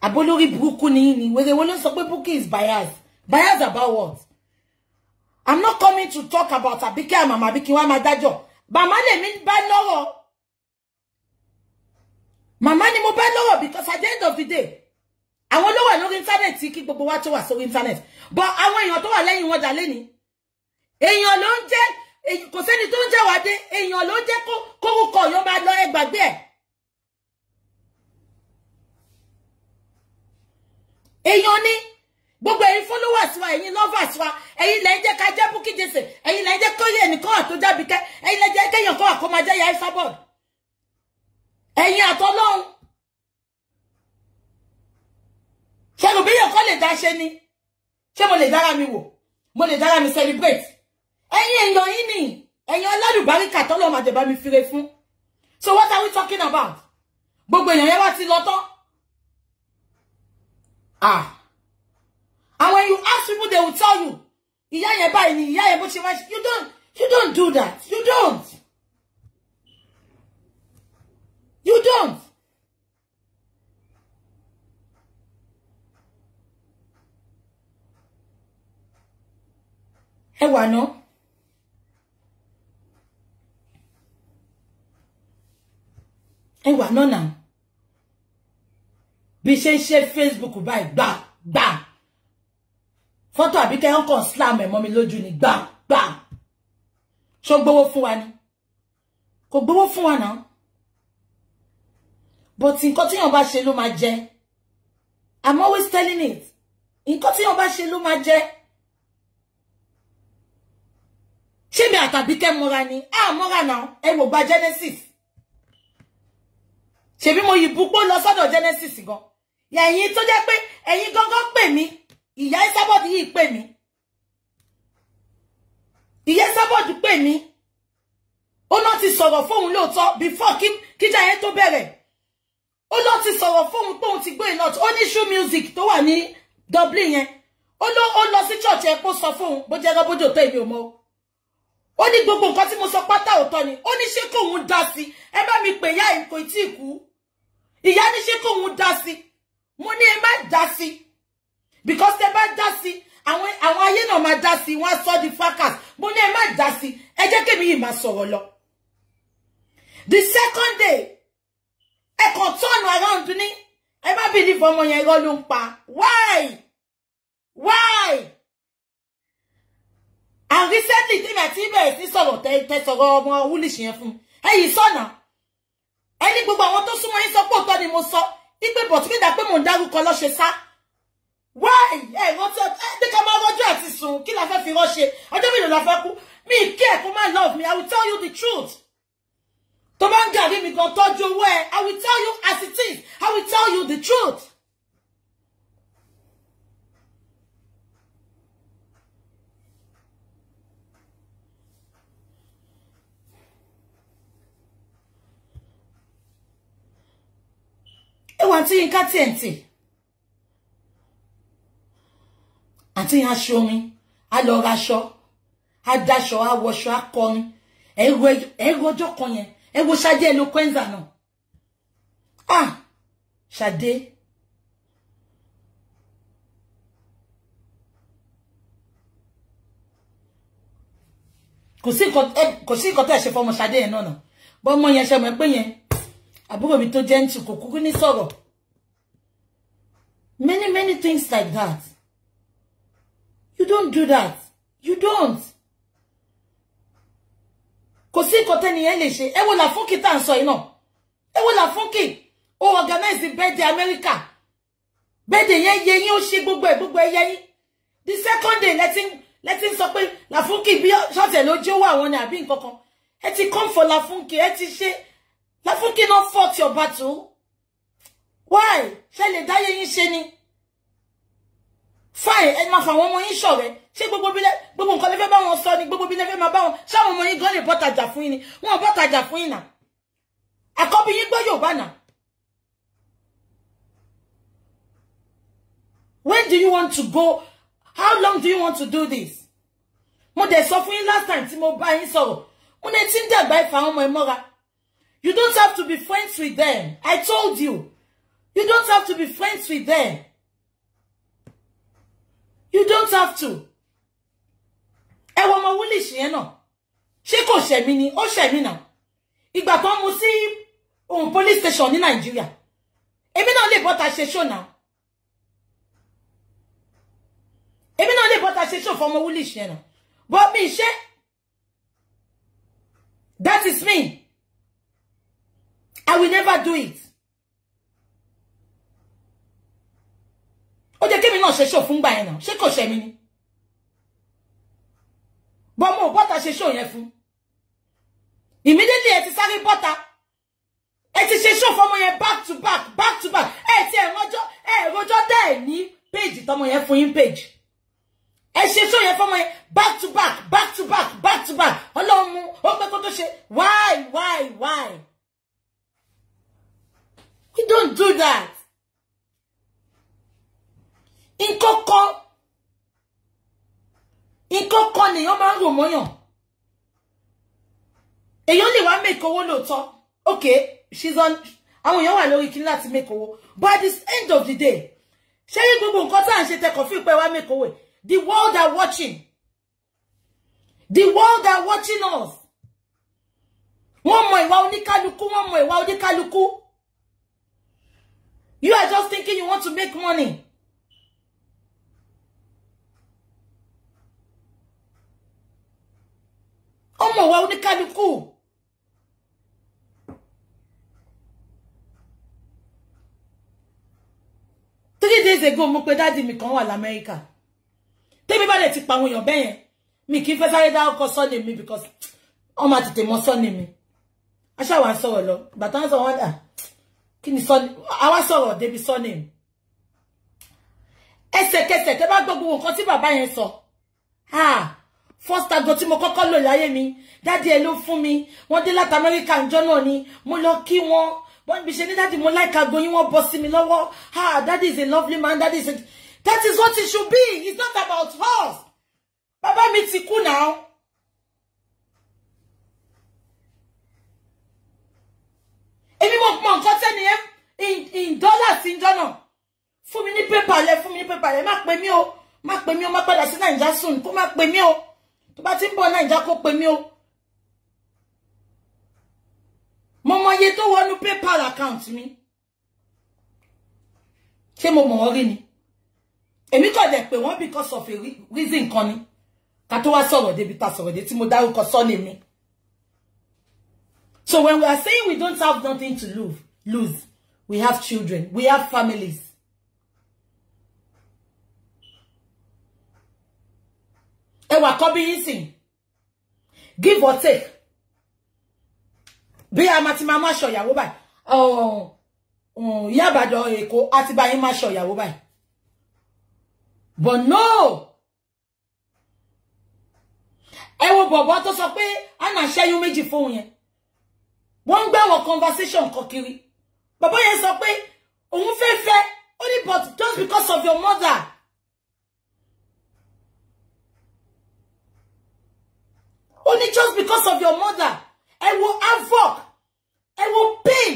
abolori burúkú ni ni wèrè wo ló sọ pé is biased biased about what I'm not coming to talk about Abike and Mama Abike wa ma dájọ́. Mama le mi bá lọ́rọ̀. Mama ni mo bá because at the end of the day want ló wà No internet kí gbogbo wa tó wà internet but want you tó wà lẹ́yìn wọn dà leni. Èèyàn ló ń jẹ́ kò sẹ́ni tó ń jẹ́ wade èèyàn ló jẹ́ kó kórúkọ yo ma lọ ẹ gbàgbé ẹ̀. Èèyàn ni gbogbo ẹ̀yin followers wa ẹ̀yin lovers wa ẹ̀yin lẹ ń jẹ́ ká jẹ́ Bukky Jesse ẹ̀yin lẹ ń jẹ́ kóyè ẹnìkan tó jábí kẹ́ ẹ̀yin lẹ jẹ́ kéèyàn kan àkọ́mọ jẹ́ ya ifá bọ́ọ̀d ẹ̀yin àtọ́lọ́hún ṣẹ́nu bí yẹn kọ́ lè dá ṣe ni ṣé mo lè dára mi wò mo lè dára mi celebrate ẹ̀yin èèyàn yín ni ẹ̀yin ọlọ́dúnbáríkà tọ́lọ́ máa jẹ̀bá mi fire fún so what are we talking about gbogbo èèyàn yẹn wá ti lọ ah. And when you ask people, they will tell you, ìyá yẹn báyìí ni, ìyá yẹn You don't, you don't do that. You don't. You don't. Ẹ wà náà. Ẹ wà náà náà. Bí Facebook báyìí gbà gbà fọ́tò Àbíkẹ́ ń kàn slam ẹ̀ mọ́ mi lójú ni gbàm gbàm ṣó gbowó fún wa ni kò gbowó fún wa but in ti tí yàn bá ṣe máa jẹ i'm always telling it In tí yàn bá ṣe ló máa jẹ ṣé mi àtàbíkẹ́ mọ́ra ni a mọ́ra náà ẹ wò ba genesis ṣèbí mo yìí bú pọ́ lọ sọ́dọ̀ genesis gan ẹ̀yin tó jẹ́ pé ẹ̀yin gangan pè mí ìyá Esabod yìí pè mí ìyá Esabod pè mí ó lọ ti sọ̀rọ̀ fóun lóòótọ́ before kí kíjà yẹn tó bẹ̀rẹ̀ ó lọ ti sọ̀rọ̀ fóun pé òun ti gbé ìlọ́tù ó ní shoe music tó wà ní Dublin yẹn ó lọ ó lọ sí church yẹn kó sọ fóun bó jẹ́ rọ́bójò tó èmi ò mọ́ ó ní gbogbo nǹkan tí mo sọ pátá òótọ́ ni ó ní ṣé kóun dá sí ẹ bá mi pè ìyá yìí kò tí ì kú ìyá ní ṣé kóun dá sí mo ní ẹ e ba mi pe iya yii ti ku iya ni se koun da sí because they bá dá and when and ayé náà máa dá sí wọ́n á sọ di fracas mo ní ẹ má dá sí ẹ jẹ́ kémi the second day I kàn turn around I ẹ má bí ní fọmọ why why and recently tí màtí bẹ̀rẹ̀ sí sọ̀rọ̀ tẹ sọ̀rọ̀ ọmọ wúlìṣì yẹn fún ẹ yìí sọ̀nà ẹni I àwọn tó súnmọ́ yín sọ pé òótọ́ ni mo sọ ní pé bọ̀túkìdá pé mò ń dárúkọ lọ́ṣẹ̀ sá why hey, eh, what's up? Eh, they come rọjò àti sùn kí la fẹ́ fi rọ́ṣe ọjọ́ mélòó la to kú mi kí ẹ kó má love me i will tell you the truth tó bá ń me mi told you where. I will tell you as it is i will tell you the truth. ẹ want to yín ká àti aṣorin a lọ raṣọ a daṣọ a wọṣọ a kọrin ẹ wo ọjọ́ kan yẹn ẹ wo Ṣadé Eloquenza náà ah Ṣadé kò sí nǹkan tẹ́ ṣe fọmọ Ṣadé yẹn náà bọ́mọ yẹn ṣe mọ̀ pé yẹn àbúrò mi tó jẹ́ ń tù kò kúkú ní sọ̀rọ̀ many many things like that You don't do that. You don't. Kosi sí nǹkan tẹ́niyẹn lè la fúnkì tan ń sọ yìí náà. Ẹ la fúnkì. Ó organize birthday America. Birthday yẹn yẹ yín ó ṣe gbogbo ẹ̀ gbogbo ẹ̀ yẹ yín. The second day lẹ́tí lẹ́tí sọ pé Làfúnkì bí ṣọ́ọ̀tẹ̀ ló jẹ́ owó àwọn ni àbí nǹkan ti come for la Làfúnkì ẹ ti La Làfúnkì not fought your battle. Why? Ṣé lè dáyé yín she ni? Fine, ẹ my fà One more yín ṣọ̀rẹ́ ṣé gbogbo bí Bobo. Call lè fẹ́ bá wọn Bobo, ni gbogbo bí lè fẹ́ máa bá wọn ṣé àwọn ọmọ yín gan lè bọ́tajà fún yín ni wọn bọ́tajà fún yín nà when do you want to go how long do you want to do this. Mother suffering last time Timo mo bá When I think that tí ń my mother, you don't have to be friends with them I told you you don't have to be friends with them. You don't have to. Ẹ wọ ọmọ Woolish yẹn náà. Ṣé kò ṣẹ̀mí ni? Ó ṣẹ̀mí náà. Ìgbà tó mú sí on um, police station ní Nigeria. Èmi náà lè bọ́ta ṣe ṣó náà. Èmi náà lè bọ́ta ṣe station for ọmọ Woolish yẹn náà. Bọ́ mi ṣe. That is me. I will never do it. ó jẹ́ kémi náà ṣe ṣó fún gbà yẹn náà ṣé kò ṣe mí ni bọ́ mo bọ́ta ṣe show yẹn fún immediately ẹ ti sáré bọ́ta ẹ ti ṣe ṣó fọmọ yẹn back to back back to back ẹ ti ẹ rọjọ ẹ rọjọ dá ẹ ní péjì tọmọ yẹn fún yín page. ẹ ṣe show yẹn fọmọ yẹn back to back back to back back to back ọlọ́run mu ó pẹ́ kó tó ṣe why why why we don't do that nǹkan kan nǹkan kan nìyàn máa yon, e yon èyàn lè wá make owó lóòótọ́ ok she's on àwọn yon wà lórí kíní ti make owó but at the end of the day ṣé ní gbogbo nǹkan tá à ń ṣe tẹkọ̀ fún ìpẹ́ wá make owó the world are watching the world are watching us wọ́n mọ luku oníkálukú wọ́n mọ ìwà luku, you are just thinking you want to make money ó mọ̀ wá oníkálukú three days ago mo pe dáàdi mi kan wà lamẹ́ríkà tẹ́mi bá dẹ̀ ti pa àwọn èèyàn bẹ́ẹ̀ yẹn mi kì í fẹ́ sáré dárúkọ sọ́ọ̀nì mi because wọ́n máa tètè mọ sọ́ọ̀nì mi aṣáwa sọ̀rọ̀ lọ bàtà ń sọ wọn dà kí ni sọ́ọ̀nì àwa sọ̀rọ̀ débi sọ́ọ̀nì mi ẹsẹ̀kẹsẹ̀ tẹ́ bá gbọ́ gbogbo nǹkan tí bàbá yẹn sọ ah first ago tí mo kọ́kọ́ lò láyé mi dáàdi ẹ̀ ló fún mi wọ́n dé láti amẹ́ríkà ǹjọ́ náà ni mo lọ kí wọn wọ́n bí ṣe ní dáàdi mo like ago yín wọ́n bọ́ sí mi lọ́wọ́ ah daddy is a lovely man daddy is a that is what it should be it's not about us bàbá mi ti kú èmi mo mọ nǹkan tẹ́ni in dollars in jọ́nà fún mi ní pépà lẹ fún mi ní pépà lẹ má pè mí o má pè mí o má padà sí nàìjíríà sùn kó má pè mí o tó bá ti ń bọ̀ Naija kó pè mí o mo mọ iye tó wọnú PayPal account mi ṣé mo mọ̀ ni èmi kàn dẹ̀ pé wọ́n because of a reason kan ni ká tó wá sọ̀rọ̀ débi ta sọ̀rọ̀ dé tí mo dárúkọ mi so when we are saying we don't have nothing to lose lose we have children we have families ẹ will kọ́ bí give or take Be a máa ti máa máa Oh. báyìí ìyá àbàdàn èkó àti ima máa ṣọ̀yàwó báyìí but no I wo bọ̀bọ̀ tó sọ pé a náà ṣẹ́yún méjì fóun yẹn One ń a conversation Kokiri. bàbá yẹn sọ pé fẹ́ fẹ́ only but just because of your mother Only just because of your mother. I will havoc. Ẹ wo pain.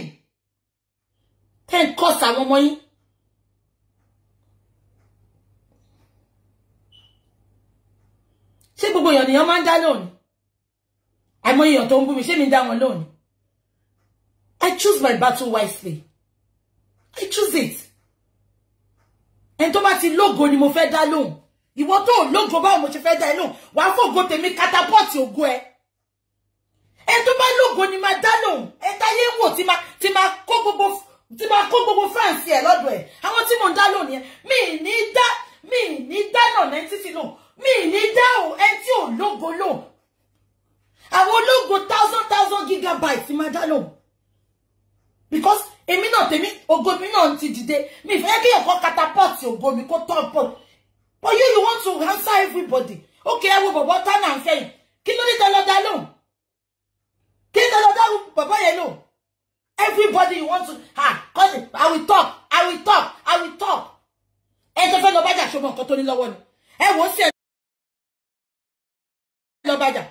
Ten cause àwọn ọmọ yín. Ṣé gbogbo èèyàn nìyàn máa ń dá lónìí? Àìmọ èèyàn tó ń bú mi, ṣé mi ń dá I choose my battle wisely. I choose it. And tó bá ti lógo ni mo fẹ́ dá lóhùn want tó lógo báwo mo ṣe fẹ́ dá ẹ lóhùn wà á fògo tèmi catapult ògo ẹ ẹ tó my lógo ni máa dá lóhùn ẹ táyé ń wò tí máa tí máa kó gbogbo tí máa kó gbogbo fáǹsì ẹ lọ́dọ̀ ẹ àwọn tí mò ń dá lóhùn yẹn mi ní dá mi ní dá náà nẹ́ńtítì lóhùn mi ní dá o ẹ tí ò lógo lóhùn àwọn ológo thousand thousand gigabytes máa dá lóhùn because èmi náà tèmi ògo mi náà ti dìde mi ìfẹ́ kí ẹ̀kọ́ catapult ògo mi kó tọ́ pọ̀. But you, you want to answer everybody. Okay, I will what I'm saying. Kí ló dé tell that alone? Kí ló dé tell Baba alone? Everybody you want to ha, cause I will talk, I will talk, I will talk. Ẹ tó fẹ́ lọ bájà ṣọmọ nǹkan tó ní lọ́wọ́ ni. Ẹ wò ó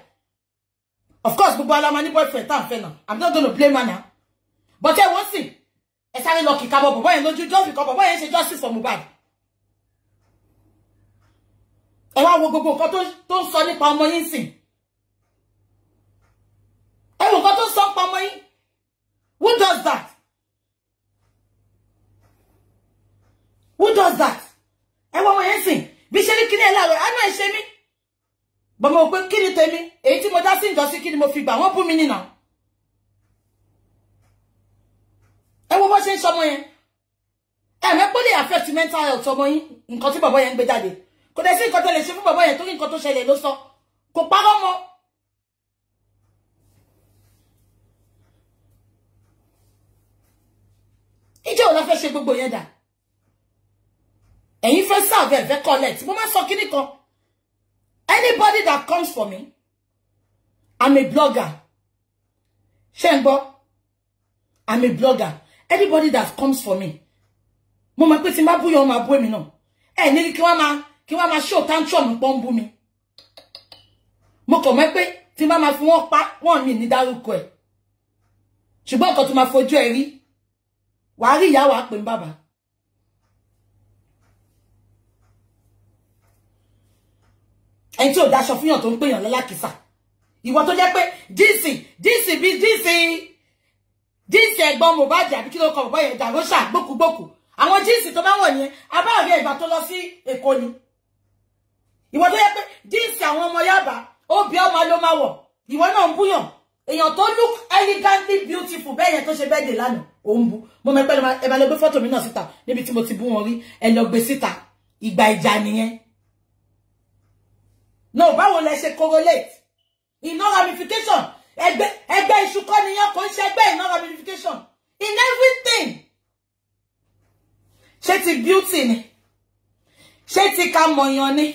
Of course, gbogbo alamọ ní boyfriend tá à ń fẹ́ náà. I'm not gonna blame her now. But ẹ wò ó sì. Ẹ lucky couple, kìka bọ̀ don't you just because bọ̀bọ̀ yẹn ṣe justice for Mohbad ẹ wá wo gbogbo nǹkan tó ń sọ nípa ọmọ yín sìn ẹ wo nǹkan tó ń sọ nípa ọmọ yín who does that who does that ẹ wọ ọmọ yẹn sìn bí ṣe ní kíní ẹ láàárọ̀ àánú ẹ ṣe mí bọ̀mọ̀ pé kí ni tèmi èyí tí mo dá sí ìjọsí kí ni mo fi gbà wọ́n bú mi nìyàn ẹ wo bó ṣe ń sọmọ yẹn ẹ̀mẹ́pọ̀ lè affect mental health ọmọ yín nǹkan tí bàbá yẹn ń gbé jáde sí lè mọ́. ìjẹ́ fẹ́ serve collect anybody that comes for me I'm a blogger se gbọ́ I'm a blogger anybody that comes for me Mama, mọ̀ pé tí on my boy. ọmọ abúlé Hey, náà ẹ̀ ní man kí wọ́n máa ṣó tantrum pọ́n bú mi mo kàn mọ̀ pé tí bá máa fi pa wọ́n mi ní dárúkọ ẹ̀ ṣùgbọ́n nǹkan tó máa fojú ẹ̀ rí wàá rí ìyá wàá pè ní bàbá. ẹni tí ò daṣọ fúnyàn tó ń pèyàn lọ́lá kìsà ìwọ tó jẹ́ pé jíìsì jíìsì bíi jíìsì jíìsì ẹ̀gbọ́n Mohbad àbí kí ló kọ bàbá yẹn dàrú ṣàgbókùgbókù àwọn jíìsì tó bá wọ̀ yẹn abáwọ̀ yẹn ìgbà tó lọ sí Èkó ni daruko e sugbon nnkan to maa foju e ri waa ri iya waa pe ni baba eni da o daso funyan to n peyan lola kisa iwo to je pe DC DC bi DC DC egbon mohbad abi ki lo ko baba yen daru sagbokugboku awon jiisi to ba wo yen abawo yen igba to lo si eko ni ìwọ tó yẹ pé díìsì àwọn ọmọ Yaba ó bí ọmọ ló máa wọ̀ ìwọ náà ń búyàn èèyàn tó look elegantly beautiful bẹ́ẹ̀ yẹn tó ṣe bẹ́ẹ̀ dè lánàá ó ń bu mo mọ̀ pé ẹ máa lọ gbé fọ́tò mi náà síta níbi tí mo ti bú wọn rí ẹ lọ gbé síta ìgbà ìjà nìyẹn no báwo lẹ ṣe correlate iná ramification ẹgbẹ́ ẹgbẹ́ iṣu kọ́ nìyẹn kò ń ṣe ẹgbẹ́ iná ramification in everything ṣé ti beauty ni ṣé ti ka mọ̀yàn ni.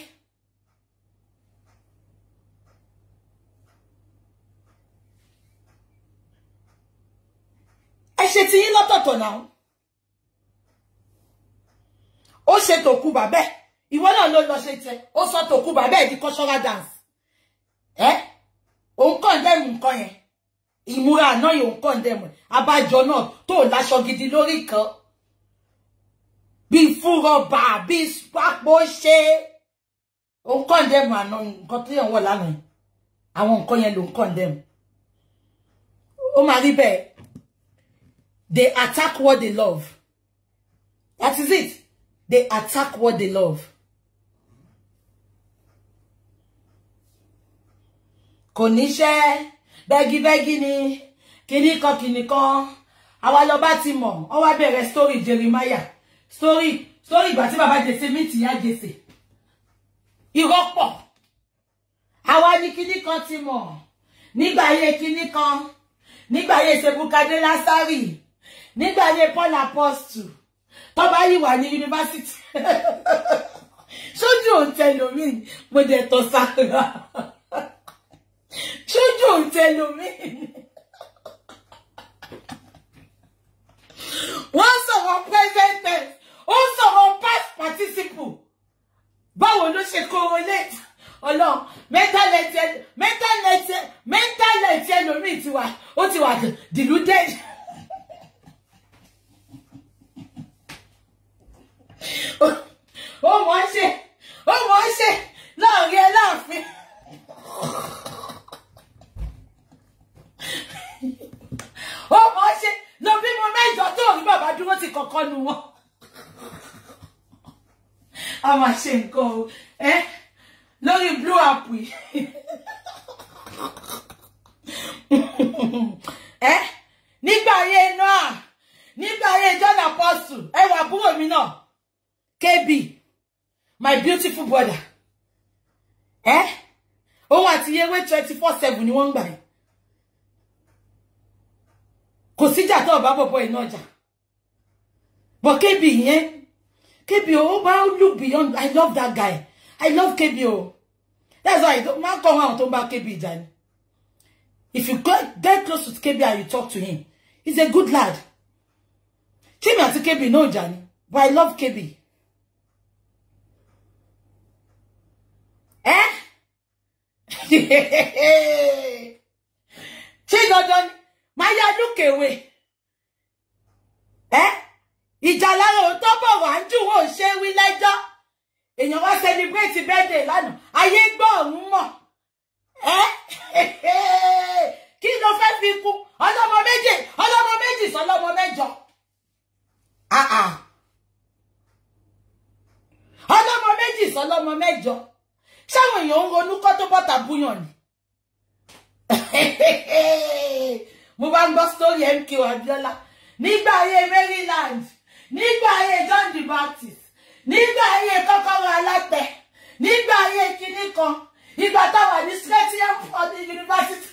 ẹ ṣe ti yín lọ́tọ̀ọ̀tọ̀ náà ó ṣe tòkú bàbẹ́ ìwọ náà ló lọ ṣe tẹ ó sọ tòkú bàbẹ́ di koshora dance ẹ òun kọ̀ndẹ́mù nǹkan yẹn ìmúra àná yìí òun kọ̀ndẹ́mù abájọ náà tó la shogidi lórí kan bíi fúrọ̀bà bíi pápó ṣe òun kọ̀ndẹ́mù àná nǹkan tó yàn wọ̀ lánàá àwọn nǹkan yẹn ló ń kọ̀ndẹ́mù ó máa rí bẹ́ẹ̀. They attack what they love. That is it. They attack what they love. Kò níṣẹ́ bẹ́gibẹ́gi ni kìnnìkan kìnnìkan àwa lọ bá bẹ̀rẹ̀ story Jeremiah story story ìgbà tí bàbá jèsè mìtì yá jèsè irọ́ pọ̀ àwa ni kìnnìkan mọ̀ nígbà iro awa kìnnìkan nígbà ayé Ṣebúkadé sebukade nígbà yẹn Paul Apostle tó bá yìí wà ní yunifásitì sójú òǹtẹ mo dẹ̀ tọ́ sára sójú òǹtẹ lómi wọ́n sọ̀rọ̀ present tense ó sọ̀rọ̀ past participle báwo ló ṣe correlate ọlọ́run mentality mentality mentality ẹlòmíì ti wà ó ti wà deluded. ó mọ̀ ń ṣe ó mọ̀ ń ṣe láàrin ẹ láàfin. ó mọ̀ ń ṣe lọ bímọ mẹ́jọ tó rí bàbá dúró ti kọ̀ọ̀kan nu wọn. a máa ṣe nǹkan o lórí blue app yìí. KB, my beautiful brother. Eh? Oh, ati àti Yewé 24/7 you won't buy. Consider Kò síjà tó bá bọ̀bọ̀ But KB eh? KB oh bá look beyond, I love that guy. I love KB That's why I don't, máa ń kọ́ KB ìjà If you get, get close to KB and you talk to him, he's a good lad. Timi àti KB no Johnny, but I love KB. Eh, my ẹ́ ṣé dandan ni máa yá dúkèwé ẹ́ eh? ìjà lára òótọ́ bọ̀ wá ń júwò ṣé wí lẹ́jọ́ èèyàn wá sẹlibrétì bẹ́ẹ̀dẹ̀ lánàá ayé gbọ́ ọ̀hún mọ̀ ẹ́ eh? kí ló fẹ́ fi kú ọlọ́mọ ah, ah ọlọ́mọ méjì sọlọ́mọ mẹ́jọ ọlọ́mọ méjì sọlọ́mọ mẹ́jọ. sáwọn èèyàn ń ronú kọ́ tó bọ́ta búyàn ni mo bá ń gbọ́ sórí MKO Abiola nígbà ayé Maryland nígbà ayé John the Baptist nígbà ayé kọ́kọ́rọ́ alátẹ nígbà ayé kinní kan ìgbà táwa ní stratium for the university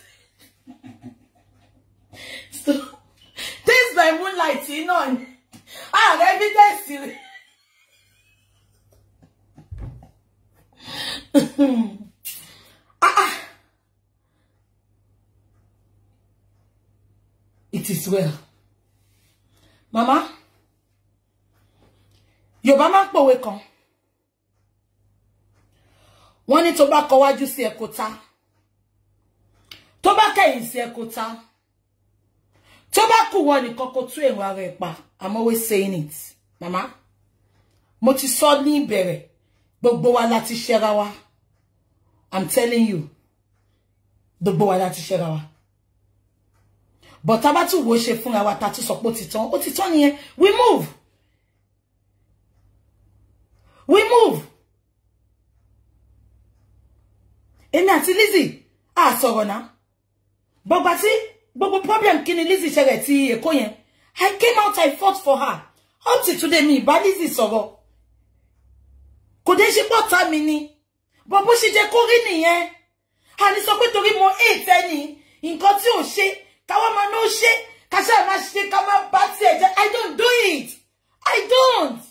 so this by moonlight náà ni ààrẹ evidence rẹ̀. ah, ah. It is well. Mama, Yorùbá máa ń pòwe kan. Wọ́n ní tó bá kọwájú sí ẹ̀kọ́ta. Tó bá kẹ̀yìn sí ẹ̀kọ́ta. Tó bá kù wọ́n nìkan kó tú èrò ara pa. I'm always saying it. Mama, mo ti sọ ní ìbẹ̀rẹ̀ gbogbo wa láti ṣẹ́ra wa i'm telling you gbogbo wa láti ṣẹ́ra wa but tá bá tún wo ṣe fúnra wa tá tún sọ pé ó ti tán ó we move we move èmi ati lizi a sọ̀rọ̀ náà gbogbo àti gbogbo problem kini lizi Lizzie ṣẹlẹ̀ ti Èkó yẹn i came out i fought for her How till today me ìbá Lizzie sọ̀rọ̀. kò dé ṣe pọ́ta mi ni bọ́ bó ṣe jẹ́ kó rí nìyẹn a ní sọ pé torí mo èèfẹ́ ni nǹkan tí ò ṣe káwá o ná ó ṣe káṣá máa ṣe ká máa I don't do it I don't.